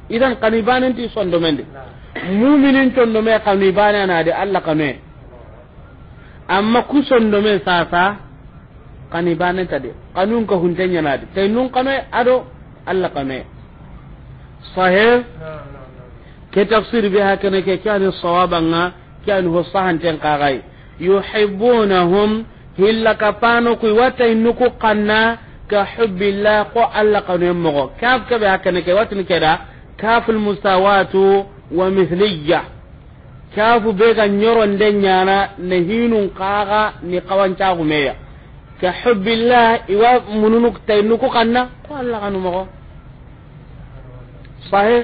Speaker 1: idan kanibanin ti sondo mende muminin condo me kanibana na de allah kanu amma ku sondo me sasa kanibane ibane ta de kanun ka huntenya na de tay nun kanu ado allah kanu sahih ke tafsir be hakana ke kyani sawabanga kyani ho sahanten kagai yuhibbunahum hilla kapano ku wata innuku kanna ka hubbillah ko alla kanu mogo kaf ke be hakana ke watin keda kaful musawatu wa mithliyya kafu be ga nyoron den nyana ne hinun kaga ni kawanca gumeya ka hubbillah iwa mununuk taynuku kanna ko alla kanu mogo sahih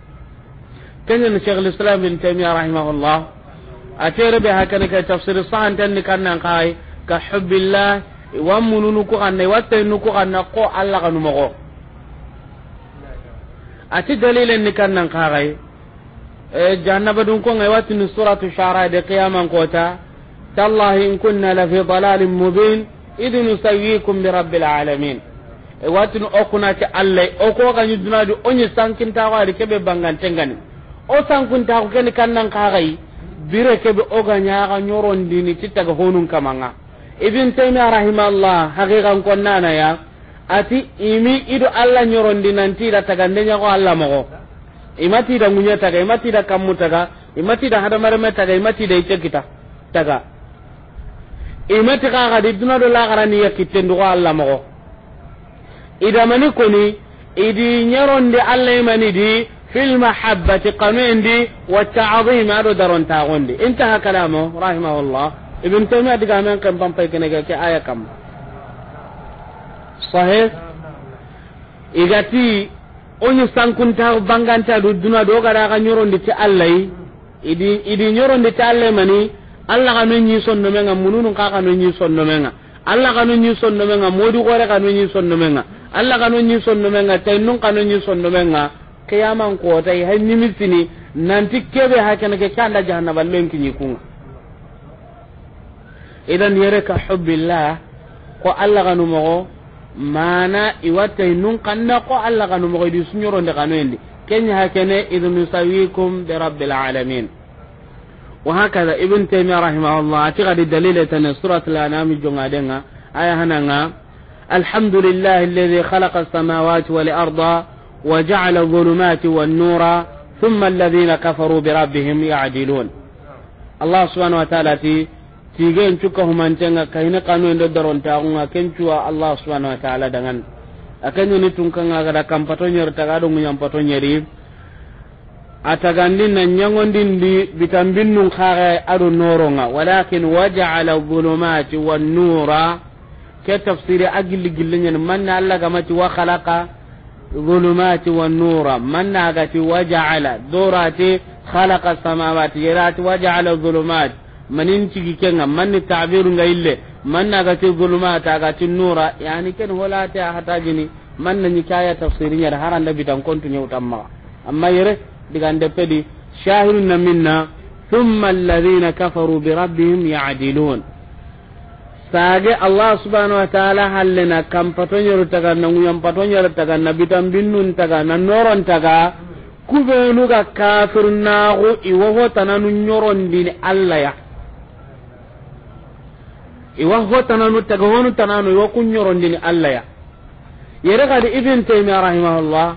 Speaker 1: kenya Sheikh al-Islam bin Taymiyyah rahimahullah atere be hakane ka tafsir sa'an tan ni kannan kai ka hubbillah wa mununu kanne ko Allah kanu mako ni kannan kai e jannaba dun ko ngai ni suratu shara de qiyamang kota tallahi in kunna la fi dalalin mubin idnu sayyikum bi rabbil alamin watinu okunati allai o ko ganyu dunadi onyi sankinta kebe o sankuntaku keni kannan kaxayi bire keɓe oga ñaxa ñorondini tittaga honun kamanga ibin taimia rahimallah haqiqan konnanaya ati imi ido allah ñorondi nantida taga ndeñago allah mogo imatida ŋuñe taga imatida kammu taga imatida hadamareme taga imatida icce kita taga imati kaxadi dunado laxarani yakkittendugo allah mogo idamani koni idi ñerondi allah imanidi في المحبة قمين دي والتعظيم أرو درون تاغون دي انتهى كلامه رحمه الله ابن تيمية دي قامين كم بمبي كنك آية كم صحيح إغتي onyu sankunta du duna do qiyaman kota hay nimisini nanti kebe hakene ke kanda jahannaba len kinyi idan yere ka hubbilla ko allah ganu mako mana iwatte nun kanna ko allah ganu mogo di sunyoro nde kanu endi kenya hakene idun yusawikum da rabbil alamin wa hakaza ibn taymiyyah rahimahullah ati gadi dalile tan surat al-anam jonga denga aya hananga alhamdulillah alladhi khalaqa as-samawati wal arda وجعل الظلمات والنور ثم الذين كفروا بربهم يعدلون الله سبحانه وتعالى تيجين تكهم cuka humantenga كهنا كانوا endo تاعونا taunga kencuwa Allah subhanahu wa akanyo ni tungkanga gada kampato nyer tagado ngunyam pato nyeri atagandin na nyangondin di bitambin nun khare ado nga walakin waja'ala dhulumati wa nura ke tafsiri agil gillenya man Allah gamati wa ظلمات والنور من ناغتي وجعل دوراتي خلق السماوات يرات وجعل الظلمات من انتي كنا من التعبير غيله من ناغتي الظلمات اغتي النور يعني كن ولا تحتاجني من نكاية تفسيرية هر النبي تن كنت نيوتما اما يره digande pedi shahirun na minna thumma alladhina kafaru bi rabbihim ya'dilun sage allah subhanahu wa ta'ala hallena kam patonyoru taga na nguyam patonyoru taga na bitam binnun taga na noron taga kubenu ga kafir na nago iwa hotana nu nyoron dini allah ya iwa hotana nu taga honu tananu iwa kun nyoron dini allah ya yere kadi ibn taymiyyah rahimahullah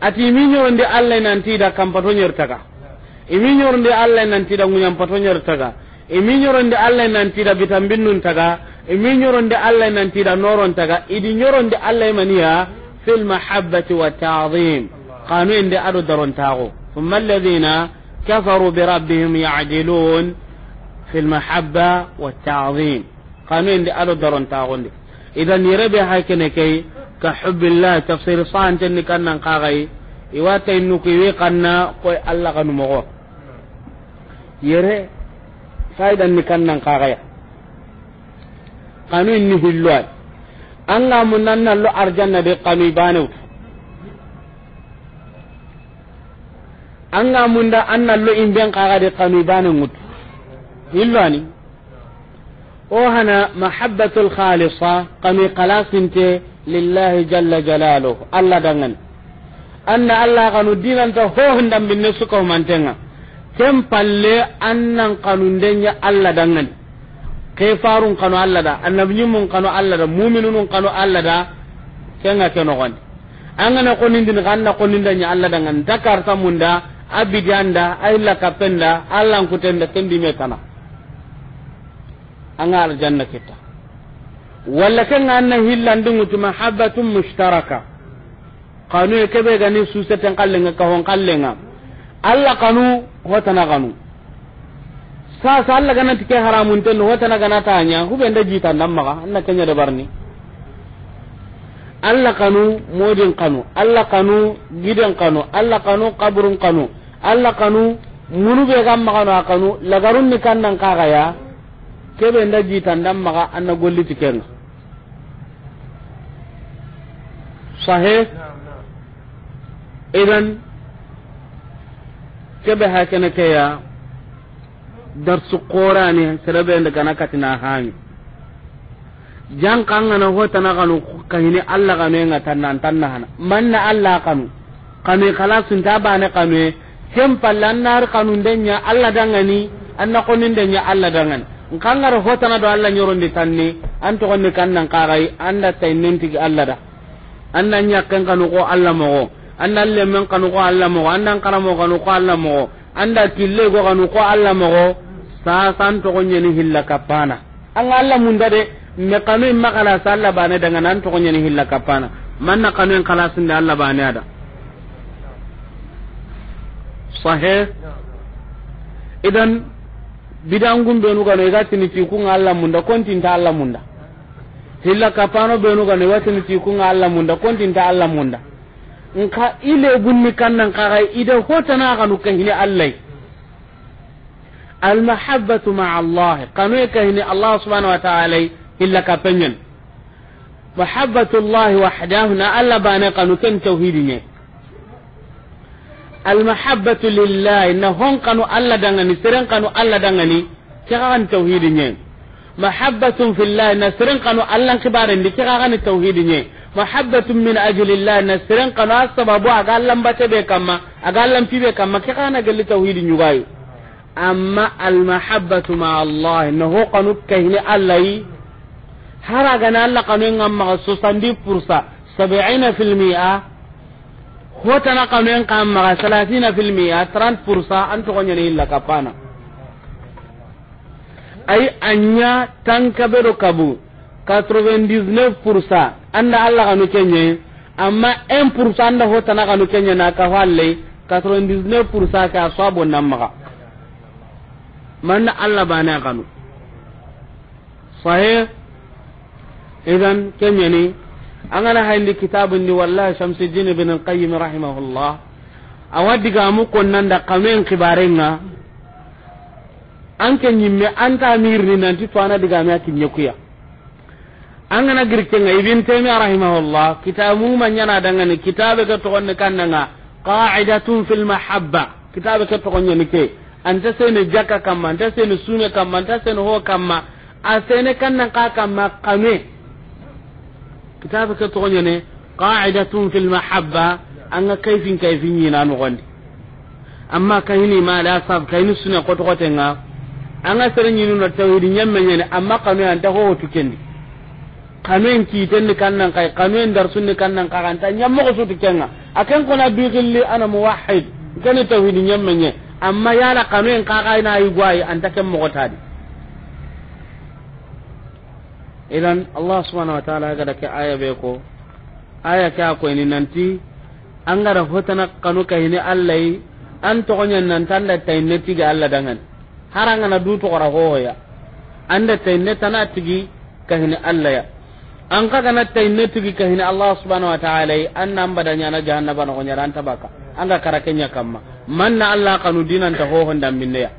Speaker 1: ati mi nyoron di allah nanti da kam patonyoru taga imi nyoron di allah nanti da nguyam patonyoru taga imi nyoron di allah nanti da bitam binnun taga imi nyoronde allah nanti da norontaga idi nyoronde allah maniya fil mahabbati wa ta'zim qanu inde adu darontago thumma alladhina kafaru bi rabbihim ya'dilun fil mahabba wa ta'zim qanu inde adu darontago ndi idan yirabe hakene kay ka hubbillah tafsir san tan kannan qagai iwa tay nuki wi ko allah kanu mogo faidan ni kannan qagai kanu ni hillo ay anga mun na lo arjanna de kanu banu anga mun da an na lo imben kaga de kanu banu ngut hillo ani o hana mahabbatul khalisa kanu qalasinte lillahi jalla jalaluhu alla dangan anna alla kanu dinan ho binne mantenga annan kanundenya alla dangan kefarun kano allah da mun kano allah da mu'minun kano allah da kenga ke na ko konin din ganna konin da nya allah da ngan takarta munda da ayla penda allah tenda tendi me kana anga aljanna kita walla na hillan dun mutum mahabbatun mushtaraka kanu kebe gani suseten kallenga kahon kallenga allah kanu na kanu sa sa Allah gana tike haramun tan wata na gana ta nya hu benda jita nan maka Allah kanya da barni Allah kanu modin kanu Allah kanu gidan kanu Allah kanu kaburun kanu Allah kanu munu be gam maka no kanu lagarun ni kannan kaga ya ke da jita nan maka anna golli tiken sahih idan ha kana ke ya darsu qorane serebe nda kana katina hani jan kanga na hota na kanu kahini alla kanu nga tanna tannan hana manna Allah kanu kame khalasun tabane kame kem pallan nar kanu e. denya alla dangani anna konin denya alla dangani kangara hota na do alla nyorondi tanni anto konni kannan kagai anda tay tigi Allah da anna nyakkan kanu ko alla mo anna lemmen kanu ko alla mo anna karamo kanu ko alla mo anda kille go kanu ko alla mo san sasan togonñeni hilla kappana an allah munda de me kanuin ma kalasa allah bane daga nan togonñeni hilla kappana kala sun da alla bane ada sahe idan bidan bidangum benu gano igatini cikunga allah ta alla mun da hilla kapano benu mun da cikunga allah munda kontinta allah munda nka ile bunni kannan kaxay ida hotana xanu hilla allai المحبة مع الله قنوك هني الله سبحانه وتعالى إلا كفنين محبة الله وحده ألا بانا قنوك توحيدين المحبة لله إن هون قنو ألا دنغني سرين قنو ألا دنغني كغان توحيدين محبة في الله إن قنو ألا كبارين كغان توحيدين محبة من أجل الله إن قنو أصبابو أغالن باتبه كما أغالن فيبه كما كغان أغالي توحيدين يغايو amma almahabbatu ma allah na ho kanu kahini allah hara gana allah kanu ngamma so sandi pursa 70 fil mi'a hotana kanu en 30 fil mi'a 30 pursa an to gonya illa kapana ay anya tankabero kabu 99 pursa anda allah kanu kenye amma 1 pursa anda hotana kanu kenye na ka 99 pursa ka nan namma Manda Allah bana kanu sahih idan kemiani. angana di kitabun ni wallahi shamsuddin ibn al-qayyim rahimahullah awadi gamu konnan da kamen kibarenga an ke nyimme an nanti tuana di diga me akinye kuya an gana ibn taymiyyah rahimahullah kitabu man yana dangane kitabe ka to konne kannanga qa'idatun fil mahabba kitabe ka to konne ke anta seni jaka kamma anta seni sume kamma anta seni ho kamma a sene kannan ka kamma kame kitabe ke togoñene qa'idatun fil mahabba kaifin kayfin kayfin ñina nogondi amma ni ma la sab kahini sune kotogotenga anga sere ñinuna tawhidi ñamme ñene amma kame anta hohotu kendi kanuen kitenni kannan kay kanuen darsunni kannan kakanta ñammogo sutu kenga aken kona bigilli ana muwahid keni tawhidi ñamme ñe amma yala kamen kaga ina yi gwai an ta kan mogota di idan allah subhanahu wa ta'ala ga da ke aya be ko aya ka ko ni nanti an gara hotana kanu kai ne allah an to gonya nan tan da tai ne tiga allah dangan haranga na du to gora ya an da tai ne tana tigi kai ne allah ya an ga na tai ne tigi kai ne allah subhanahu wa ta'ala an nan badanya na jahannaba no gonya ran tabaka an ga karakenya kamma manna allah kanu dinan ta ho honda minne ya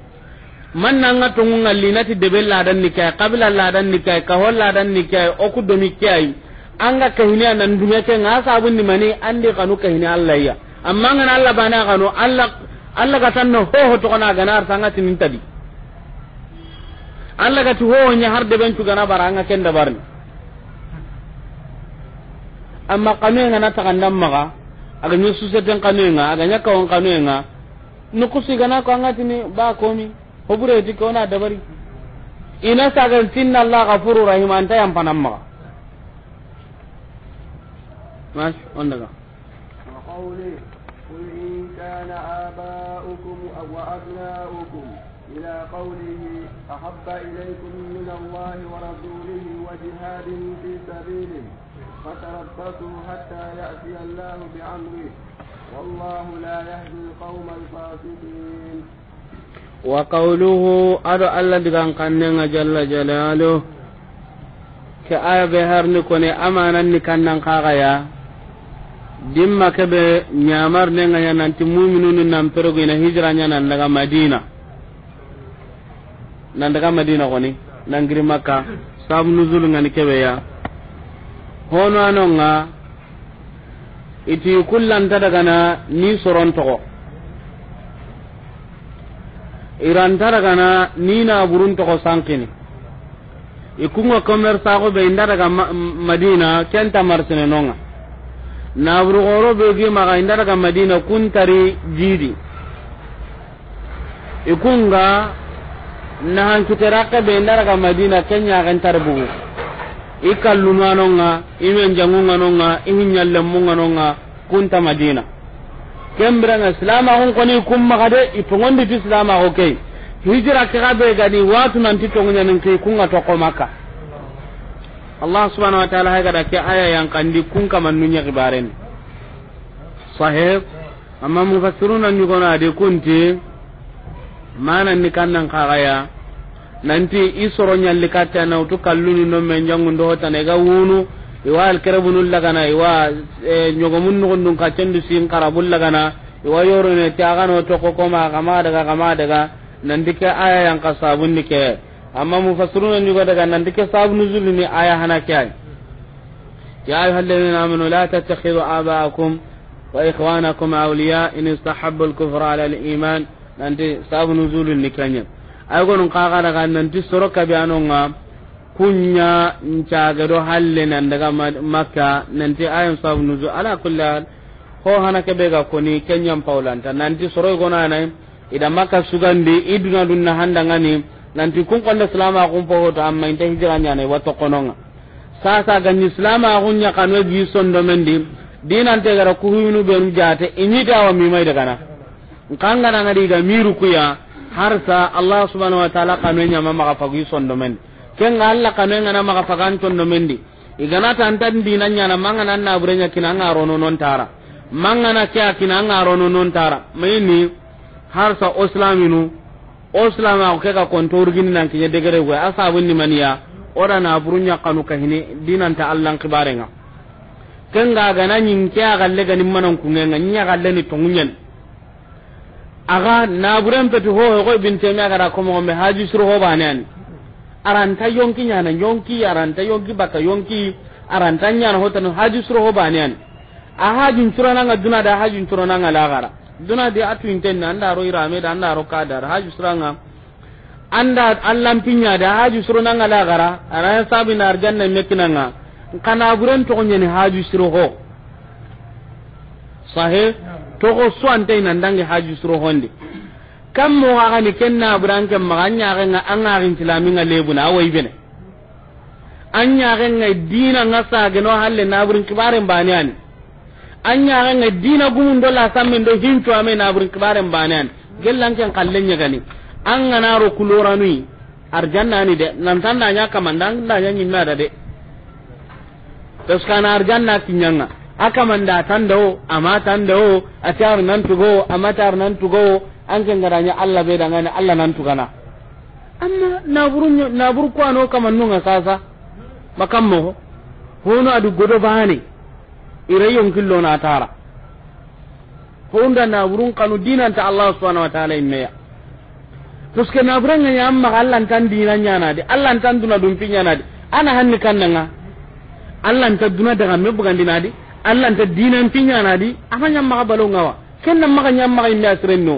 Speaker 1: manna nga to ngunga linati debel la dan nikay qabila la dan nikay ka hol la dan nikay o ku do mikay anga kahini anan dunya ke nga sabun ni mani andi kanu kahini allah ya amma ngana allah bana kanu allah allah ga no ho ho to kana ganar sangati nin tadi allah gati howoña har deɓen cugana bara anga ken dabarni amma kanuenga na tagandan maga agaña aga kanuenga kanu kawon kanuenga nukusi gana ko ni ba komi bure ti ko na dabari ina sagan tinna allah ghafurur rahim anta yang panamma mas ondaga wa qawli qul in kana aba'ukum wa abna'ukum ila qawlihi ahabba ilaykum min allah wa rasulihi wa jihadin fi sabilihi hatta ya'ti Allah bi amrihi والله لا يهدي القوم الفاسقين وقوله أرى الله دقان قنن جل جلاله كآية بهر كوني أمانا نكنن قاغيا dimma kebe nyamar ne ngaya nanti mu'minun nan perugo ina hijranya nan daga madina nan daga madina koni nan giri makka sab nuzul ngani kebe ya hono anonga iti kullanta dagana ni soron togo iranta dagana ni naburun togo sankini ikunga commerce ako be inda daga madina kenta marsine nonga naburu goro be gi maga inda daga madina kuntari jidi ikunga nahan kitera ka be inda daga madina kenya kan tarbu imen jangunga nonga menjangunganonga munga nonga kunta madina kembra islama hon koni kummaxa de i togonditi islama kei hijira kexa be gani watu nanti nang ke kunga toko maka allah subhanahu wa taala da ke aya yankandi kun kamannu kibaren sahih amma mufassiruna ñugono de kunti ni kannan kaxaya nanti i soro ñalli kattana utu kalluni no men jangundo hotana iga wunu iwa alkerebunun lagana iwa ñogomun e, nugundun kaccendu sin karabun lagana iwa yorone ti agano toko koma kama daga kama daga nanti ke aya yanka sabunni ke amma mufassiruna ñugo daga nanti ke sabunu zulini aya hana ke ay ya ayuha alladina amanu la tattakhidu abaakum wa ikhwanakum awliya in istahabu alkufra ala aliman nanti sabunu ni kenyen ay gonu kaga kan nan ti soro kabe anonga kunya ncaga do halle nan daga makka nan ti ayam sabu nuzu ala kulli hal ho hana kebe ga koni kenyam paulanta nan ti soro gona nan ida makka sugandi iduna dunna handangani nan ti kun konda salama kun po to amma inta hijranya ne wato kononga sa ga ni salama kun nya kanwe gi sondo mendi dinan te gara ku hinu be jate inyi dawa mi mai daga na kanga na ngadi ga miru kuya harsa allah subhanahu wa ta'ala kanu nyama maka fagu sondo men ken allah kanu na maka fagan sondo mendi igana tan tan dinanya na mangana na burenya kinanga rono non tara mangana kya kinanga rono non tara mayni harsa islaminu islama ko ka kontor gin nan kinya degere go asa wonni maniya ora na burunya kanu kahini dinan ta allah kibarenga ken ga gana nyin kya galle ganin manan kunenga nya galle ni tongunyan aga naburen peti ho ko bin temiya aga ko mo me haji suru ho banen aranta yonki nyana yonki aranta yonki baka yonki aranta nyana hotan haji suru ho banen a haji surana nga duna da haji nan nga lagara duna de atu inten da ro irame da da ro kadar haji nan anda allan pinya da haji nan nga lagara ara sabi na arjanna mekinanga kana buren to nyene haji suru ho sahih togo suwante nan dange haji suro honde kam mo ga ni kenna buran kam maganya ga nga anga rin tilami nga lebu na awai bene anya ga nga dina nga sa ga no halle na burin kibare bani an anya ga nga dina gumun do la samme do hinto ame na burin kibare bani an gellan kan kallen nya gani an ga na ro ni arjanna ni de nan tan na nya kamandang da nya nyimma da de to skana arjanna kinyanga akamanda matan ama a tiyar nan tugo a matar nan tugo an kan ni Allah da ngani Allah nan tugana amma naburun nabur ko ano kaman nunga sasa makammo hono adu godo bani irayon killo na tara honda burun kanu ta Allah subhanahu wa ta'ala tuske na burun nya amma Allah tan dinanya na di Allah tan duna dum pinya na di ana hanni nan Allah tan duna daga me bugan dinadi allah nta dinan tinya na di aha nyam balo ngawa kenna maka nyam maka imbe asiren no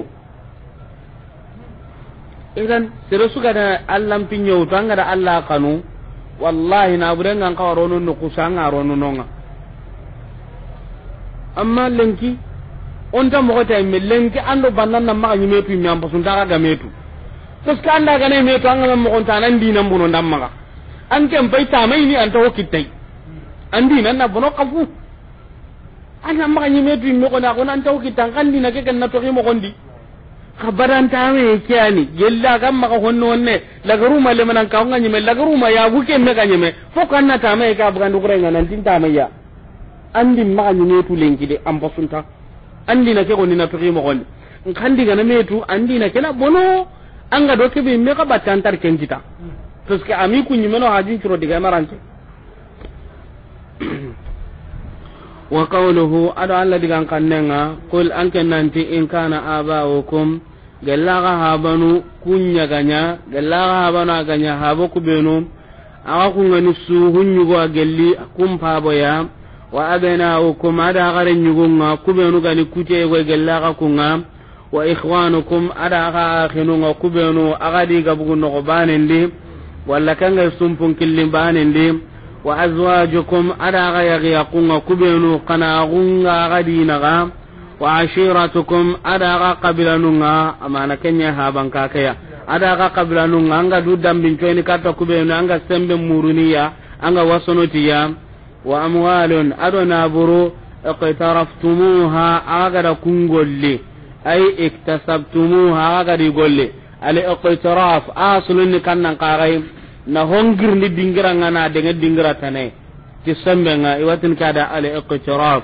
Speaker 1: idan sere suga da allah pinya uto anga da allah kanu wallahi na bure ngan ka rono no kusa nga rono no nga amma lenki onta mo ko tay lenki ando bannan na maka nyimetu nyam pasun daga gametu parce que anda gane metu anga mo kon tanan dinan buno ndam maka an kem bai tamai ni an to kitai an dinan na bono kafu ana maga nyime du no kona ko nan taw kitan kan dina ke kan na to mo gondi kabaran ta me kyani gella kan maga honno ne lagaru le manan ka ngani me lagaru ma ya buke me kan nyime fo kan na ta me ka bugan dukure ngana tin ta me ya andi ni me tu lengi de am basunta andi na ke ko ni na to mo gondi kan diga na me tu andi na ke na bono anga do ke bi me ka batantar ken kenjita to ske ami kunyi meno hajin ciro diga maranke wa qawluhu ado alla digan kannenga qul anke nanti in kana abaukum gellaga habanu kunya ganya gellaga habanu aganya habo kubenu aga kungani su hunyugo agelli kumpabo ya wa abnaukum ada gare nyugunga kubenu gani kute go gellaga kunga wa ikhwanukum ada ga akhinunga kubenu aga diga bugun no banendi walla kanga sumpun killin banendi wa azwajukum ada ga yagiya kunga kubenu kana gunga ga dinaga wa ashiratukum ada ga qabilanunga amana kenya haban kakaya ada ga qabilanunga anga du dambin ni kata kubenu anga sembe muruniya anga wasonotiya wa amwalun adona buru iqtaraftumuha aga da kungolli ay iktasabtumuha aga di golle na hongir ni dingira nga na denga dingira tane ti sambe nga iwatin kada al iqtiraf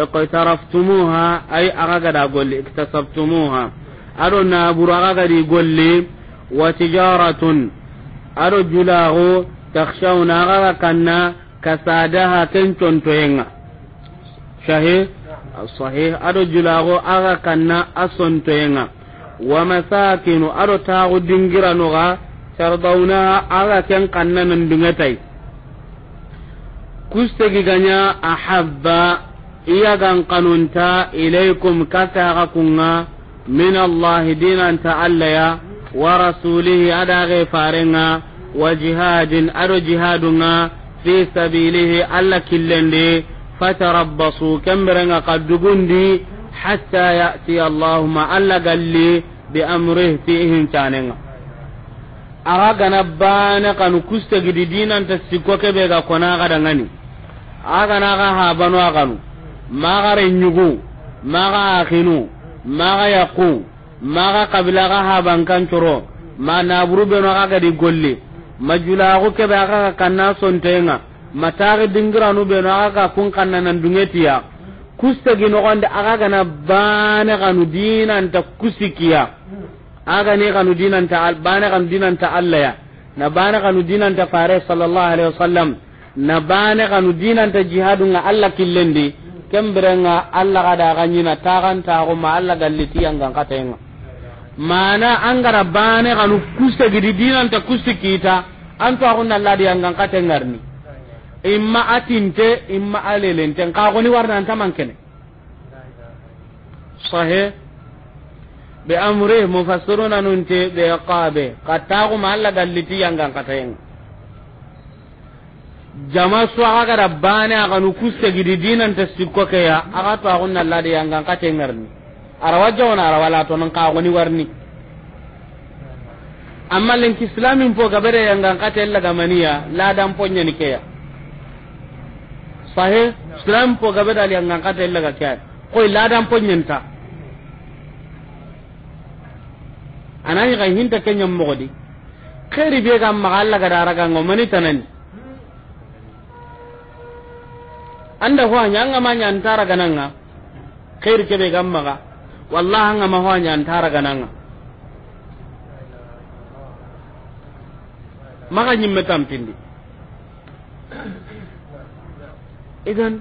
Speaker 1: iqtaraftumuha ay aga da golli iktasabtumuha ado na buru aga gadi golli wa tijaratun ado julago takhshawna aga kanna kasadaha ken contoyenga sahih sahih ado julago aga kanna asontoyenga wa masakinu ado tagu dingira noga tardawna aga ken kanna nan dungatai kustegi ganya ahabba iya gan kanunta ilaikum kata aga kunga min allah dinan ta wa rasulihi ada ga farenga wa jihadin aro jihadunga fi sabilihi alla killende fatarabbasu kambarenga kadugundi hatta ya'ti allahumma alla galli bi amrihi tihin chanenga aga gana bane kanu kustegidi dinanta sikko kebe ga kona aga dangani aga na aga habano aganu maga renyugu maga akinu maga yaqu maga kabila aga habankan coro ma naburu beno aga gadi golli ma majulagu kebe aga kanna sonteenga ma matari dingiranu beno aga ga kun kanna nan dungetiya kustegi nogonde aga gana bane kanu dinanta kusikiya aga ne kanu dinanta al bana kanu dinanta allah ya na bana kanu dinanta fare sallallahu alaihi wasallam na bana kanu dinanta jihadu nga allah killendi kembirenga allah kada ganyina tagan tago ma allah galliti yanga katenga mana angara bana kanu kuste gidi dinanta kuste kita antu agunna allah di yanga katengarni imma atinte imma alelente ka goni warna antaman kene sahih be amre mufassiruna nun te be qabe qattagu ma alla galliti yangan katayen jama su aga gara bane aga nu kusse gidi dinan ta sikko ke ya aga to agun na lade yangan katayen ngarni arawa jawna arawa la to nan ka goni warni amma len islamin po gabere yangan katayen la gamaniya la dan ponya ni ke ya sahe islam po gabere yangan katayen la ga kya ko la dan ponya ta anani ga hinta kenya mogodi khairi be ga ma ga dara ga ngomani tanan anda ho anya nga ma nyan tara ga nanga khairi ke be ga ma wallahi nga ma ho anya tara ga nanga nyim metam tampindi idan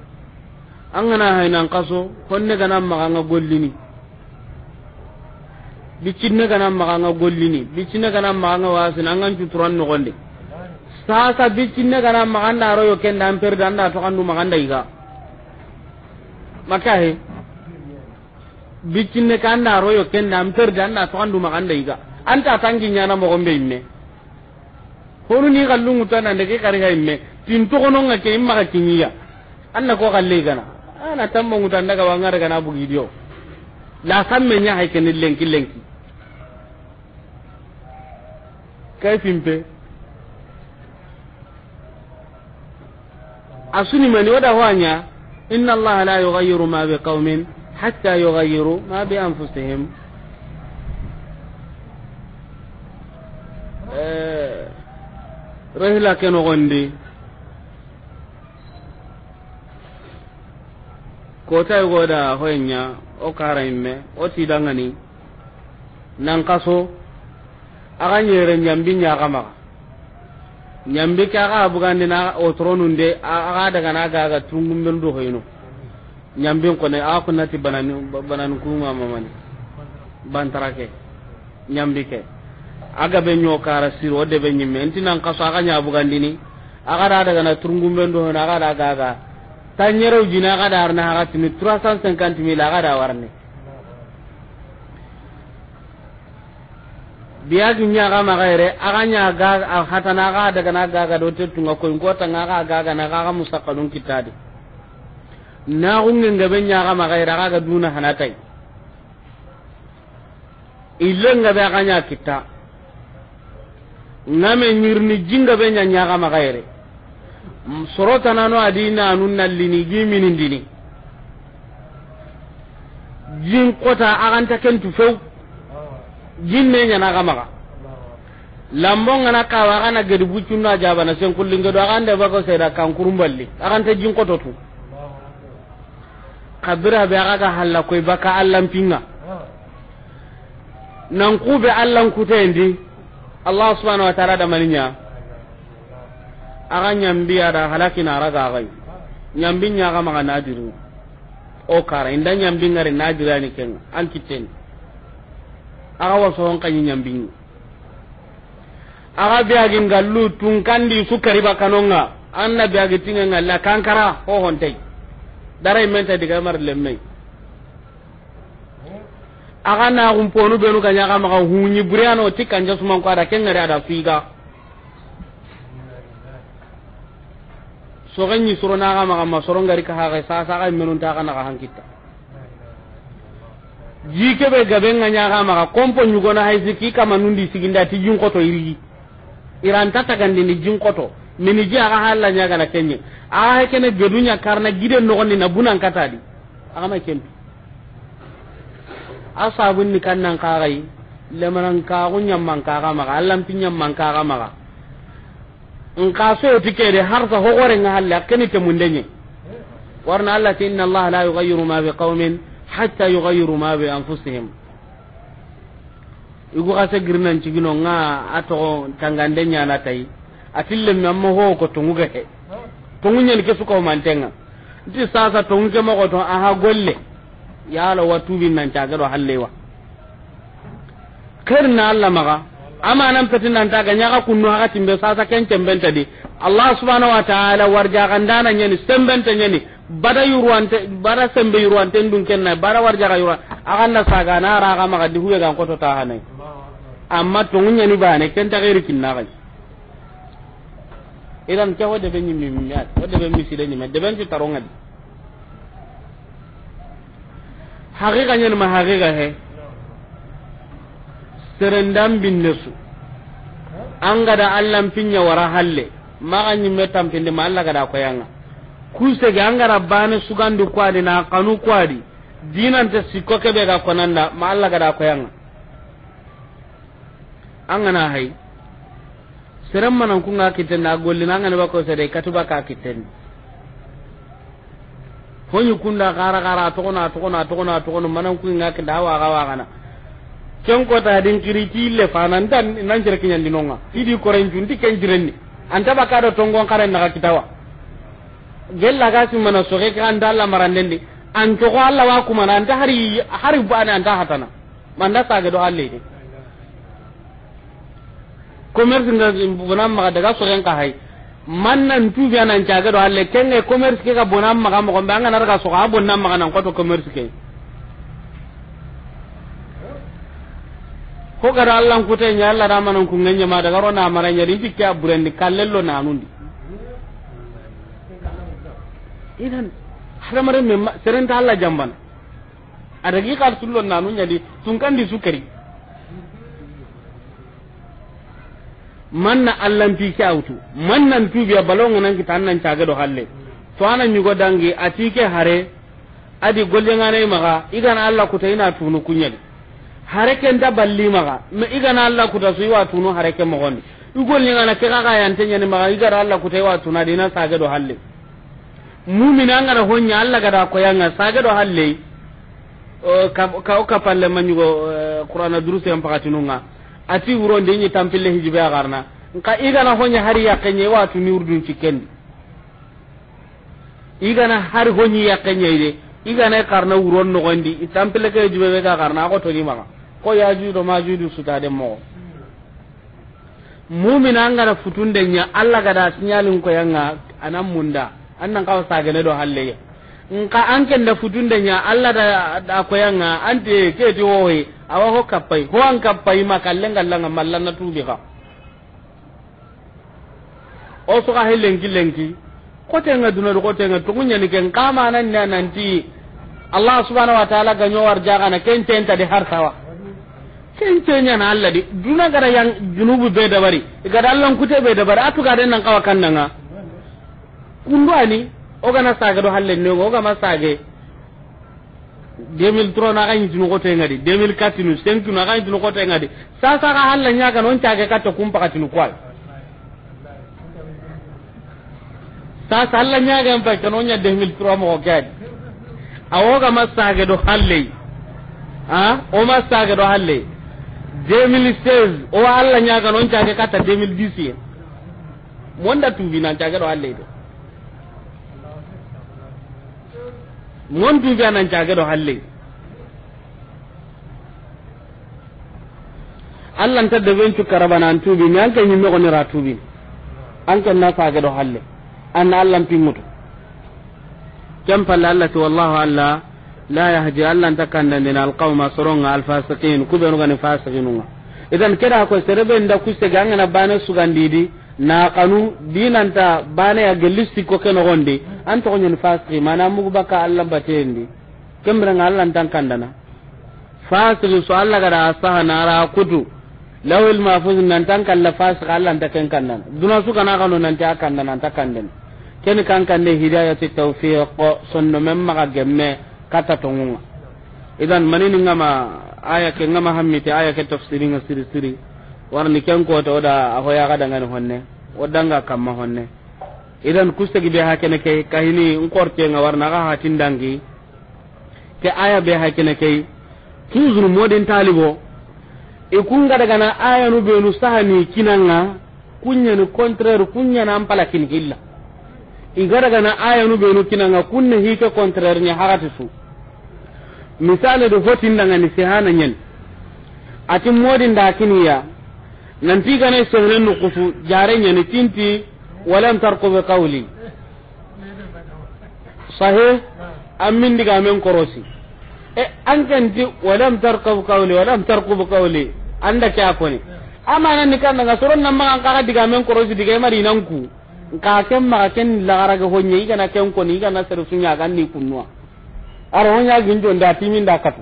Speaker 1: an gana hainan kaso honne gana maga nga gollini bicinne gana maganga gollini bicinne gana maganga wasina angan cuturan nogonde sasa bicinne gana maganda aro yo kenda an perda anda to kandu maganda iga maka he bicinne kanda aro yo kenda an perda anda to kandu maganda iga anta tangi nyana mo gombe imme honu ni gallungu tana ndeke kari ha imme tin to kono ngake imma ka kinyiya anna ko galle gana ana tammo ngutanda ga wangare gana bugidiyo la samme nya hay kenil lenki lenki kai fimpe asuni mani wada wanya inna allaha la yughayyiru ma bi qaumin hatta yughayyiru ma bi anfusihim eh, rehla keno gondi kotay da hoynya o kara imme o tidangani nan kaso aga nyere nyambi nyaga maga nyambi ka aga bugandi na otoronun de aga daga na ga ga tungumbel do hoyno nyambi ko ne a ko nati banani banani ku ma mamani bantarake nyambi ke aga be nyokara siro de be nyimme entinan kaso aga nya bugandi ni aga daga na tungumbel do hoyno aga daga ga tanyero jina aga darna aga tini 350 mil aga da warne biya dunya ga magaire aga nya ga hata na ga daga na ga ga do tetu ko koin ko nga ga ga ga na ga ga musaqalun kitadi na gungen ga benya ga magaire ga ga duna hanatai illen ga ga nya kita Na me nyirni jinga benya nya ga magaire sorota nanu adina anun nallini gimi nindini jin kota aganta kentu few jinne nyana kamaga lambon na kawa kana na jaba na sen kullinge do agande bako seda kan kurumballi ta jin tu kabira be aga ga halla koy baka allan pinga nan be allan kutendi allah subhanahu wa ta'ala da maninya aga nyambi ada na raga gai nyambi nya ga maga nadiru o kara inda nyambi ngare nadirani ken an kiten aga wasohon kanyi ñambingi aga beagi ngallu tunkandi sukariba kanonga anna beagi tinga ngalla kankara hohontei darai menta diga mar lemmei aga naxum ponu benu ga ñaga maxa huñi buriyano ti kanja sumanko ada kengari ada fiiga soxenñi soronaxa maxa sa sorongari kaxaxe sasaxa menuntaxa naxa hankita. jike be gabe nga nyaga maka kompo na nyugona ki kama nundi siginda ti jinkoto iri tata tagandi ni jinkoto nini ji aga halla nyaga na kenye aga kene gedunya karna gide nogoni na bunan katadi aga ma kempi asabun ni kannan kagai lemanan kagun nyamman kaga maka allan pin nyamman kaga maka ka so tikere har ta hogore nga halla kene te mundenye warna allah inna allah la yughayyiru ma qaumin hatta yughayyiru ma bi anfusihim igu ga segirnan cigino nga ato tangande nyana atille ho ko he mantenga ti sasa to aha golle nan tagaro hallewa kerna maga nan nan taga kunno timbe sasa allah subhanahu wa ta'ala warja gandana bada yurwante bada sembe yurwante ndun kenna bada warja ga yura na saga na ra ga maga di huwe ga ko to ta hanai amma to munya ni bane ken ta gairi kinna ga idan ke wode be nyimmi mi ya wode be mi sile nyimmi de ben ti taronga di haqiqa nyen ma haqiqa he serendam bin nesu angada allam pinya wara halle maga nyimme tampinde ma alla gada ko yanga kusege angara bane sugandu kwadi na kanu kwadi dinante sikko kebe ga konanda ma allah gada koyanga angana hay serem manan kunga kitten na golli na ngane bako sede katuba ka kitten honyu kunda gara gara to kona to kona to kona to kona manan kunga kinda wa ga wa gana ken ko ta din kiriti le fanan dan nan jere kinyan dinonga idi ren jundi ken jirenni anta ka da tongon karen na kitawa gella ga simana soge ka anda Allah marandendi an to ko Allah wa kuma nan ta hari hari an anta hatana manda saga do halle ni commerce nda bonam ma daga soge ka hay man nan tu ga nan caga do halle kenne commerce ke ga bonam ma ga mo ko banga nar ga so ga bonam ma nan ko to commerce ke ko gara Allah kutenya Allah ramanan kun ngenya ma daga ro na maranya din tikya burendi kallello nanundi idan hadamaren men ta Allah jamban adagi kal sullon nanu sun kan di sukari manna allan pi kyautu mannan fi biya balon nan kita annan caga do halle to anan nyugo dangi atike hare adi golle ngane maga igana Allah kuta ina tunu kunyali hare ken da balli maga me igana Allah kuta su wa tunu hare ken mo gondi ugollenga ngana ke ga yantenya ni maga igara Allah kuta wa tuna dina saga do halle mumina angara honya allah gada koyanga do halle ka o kapalle manyugo eh, qur'ana am pakati nunga ati wuronde nyi tampille hijibe ka nka na honya hari yakenye watu ni urdun iga na hari honyi yakenye ide na karna wuron nogondi itampille ke hijibe ga garna ko toni ma ko du suta de mo mumina angara futunde nya allah gada sinyalin koyanga anan munda annan kawa ne do halle nka da fudun da nya Allah da da an de ke ti hoye awa ho kappai ho an kappai makalle ngallanga tu tubi ka o so ka helen gilenki kote nga ko kote nga tungunya ni ken kama nan nan nanti allah subhanahu wa ta'ala war jaga na ken tenta de sawa ken tenya na Allah di duna gara yang junubu be dabari gara allan kute be dabari atu ga den nan kawa kannanga kundu ani ogana sage do halle ne oga ma sage 2003 na ganyi tinu kote ngadi 2004 tinu 5 tinu ganyi tinu kote ngadi sasa ka halle nya ga non tage katta kumpa katinu kwal sasa halle nya ga mpa kanon nya 2003 mo gadi awoga ma sage do halle ha o ma sage do halle 2016 o halle nya ga non tage katta 2010 monda tubi nan tage do halle do mon dubi anan jage do halle Allah ta da bencu karabana an tubi ni an kan yimme ko ni ratubi an kan na sage do halle an Allah mutu. kam palla Allah to wallahu alla la yahdi Allah ta kan den al qawma suronga al fasiqin ga ni fasiqinu idan kada ko serebe nda kuste ganga na bana sugandidi na kanu dinanta bana ya gelisti ko ke nogondi an to nyen fasri mana mugu baka Allah batendi kembra nga Allah tan kandana fasri so Allah gara saha nara kutu lawil mafuz nan tan kala fasri Allah tan ken kandana duna su kana kanu nan ta kandana ta kandana ken kan kande hidayati tawfiq sonno memma maga gemme kata tongunga idan manini ngama aya ke ngama hammite aya ke tafsiringa siri siri warni ken kota oda ya ga ngani honne odanga kamma honne idan kustagi be hakene ke kahini nkorte nga warna ga hatin dangi ke aya be hakene ke tuzur modin talibo ikunga daga na aya nu be nu sahani kinanga kunya ni contraire kunya na ampala kin hilla igara gana aya nu be nu kinanga kunna hike contraire nya haratu su misale do fotin danga ni sihana nyen ati modin da kiniya nanti gane sehne nukusu jare ñani tinti walan bi qawli sahih an min men korosi e an kanti walam bi qawli walam bi qawli anda ke akoni amana ni kan daga soron nan magan kaga men korosi diga mari nan ku ka ken ma ken gara ga honye kana ken koni kana seru sunya gan ni kunwa aro honya ginjo nda timin da katu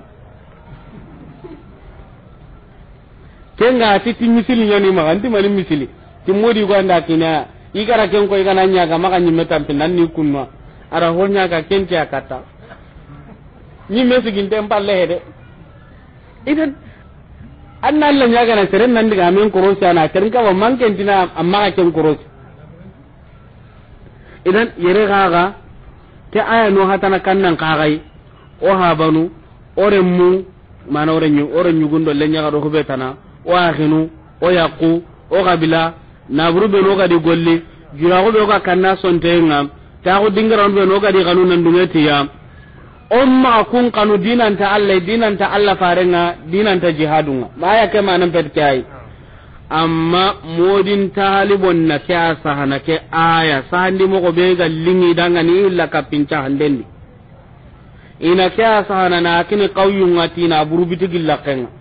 Speaker 1: kenga ati ti misili nyani ma anti mani misili ti modi ko anda kina igara ken ko igana nya ga maka metam tampe nan ni kunwa ara honya ga ken kata akata mesu gin tem palle hede idan anna alla nya ga na seren nan diga men korosi na seren ka man ken dina amma ka ken korosi idan yere ga ke aya no hatana ka gai o ore mu mana ore nyu gundo lenya ga do hubetana o axinu o yaqu o xabila naburu ɓeno gadi golli juraxu ɓe oga kanna sonteyenga taxu dingiran ɓeno gadi xanu nandungetiya on maxa kun kanu dinanta allah dinanta allah farenga dinanta jihadunga maya ke manan pet ke ay amma modin talibon na ke a sahana ke aya sahandi mogo ɓe ga lingi dangani illa kappinca handendi ina ke a sahana na kini kawyunga tina burubiti gillakenga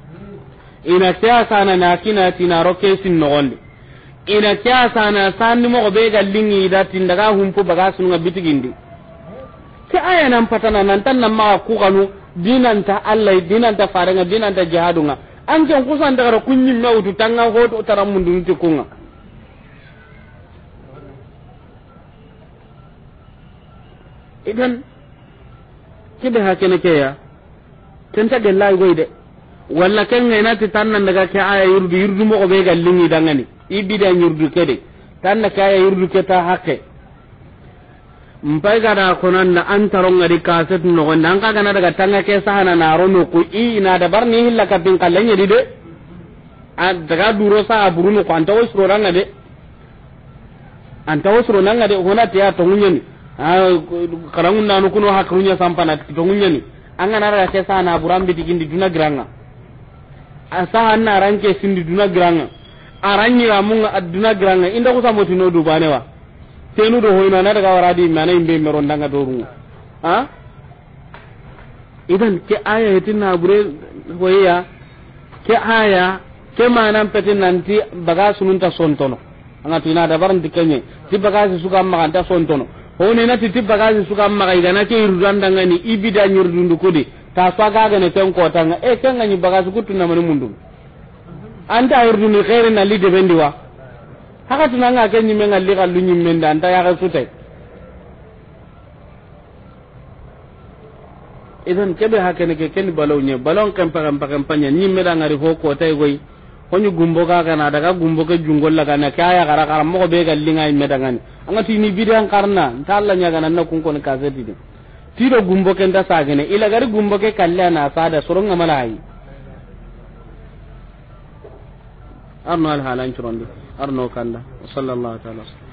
Speaker 1: ina ke asana na kina roke sin nogondi ina ke asana sanni mogo be gallingi da daga humpu baga sununga bitigindi ke aya nan patana nan tan nan ma ku kanu ta allah dinanta farenga dinanta jihadunga an ken kusan daga na utu tanga hoto taramundu tikunga idan kibe hakene ke ya tenta gellay goy de walla kenga ti tanna daga ke aya yurdu yurdu mo be gallingi dangani da yurdu kede tanna ke aya yurdu ke ta hakke mpai gada konan da an di ngari kaset no gonda an gana daga tanga ke sahana na rono ku i na da bar ni hilla ka bin kallanye di de a daga duro sa aburu no kwanta wo suro ranga de anta wo suro nanga de hona te ya tongunye ni a karangun na no kuno hakarunya sampana tongunye ni an na daga ke sahana burambi digindi duna granga asaha na ranke sindi duna granga aranyi ramunga aduna granga inda kusa moti no wa tenu do hoyna na daga waradi mana imbe ha idan ke aya na bure ke aya ke manan petin nanti baga sununta sontono anga tina da baran dikenye ti baga suka sontono hone na ti baga suka ke ibida nyurdundu kudi ka swaga ga ne ten kota nga e kan ni baga su kutu na mundu anta urdu ni khairi na li de bendi wa haka tuna nga ni nyimme ngalli kallu nyimme da anta ya ga sutai idan kebe hake ne ke ken balaw nye balon kan pa kan pa kan panya nyimme da ngari ho kota e goyi honyu gumbo ga na daga gumbo ke jungol la na kaya gara gara mo be ga linga imme da ngani anga tini bidan karna ntalla nya ga na kun kon ka zedi tido gumbo ken ta sagene ila gari gumbo ke kalla na sada soronga malai arno al halan churondi arno kanda sallallahu alaihi wasallam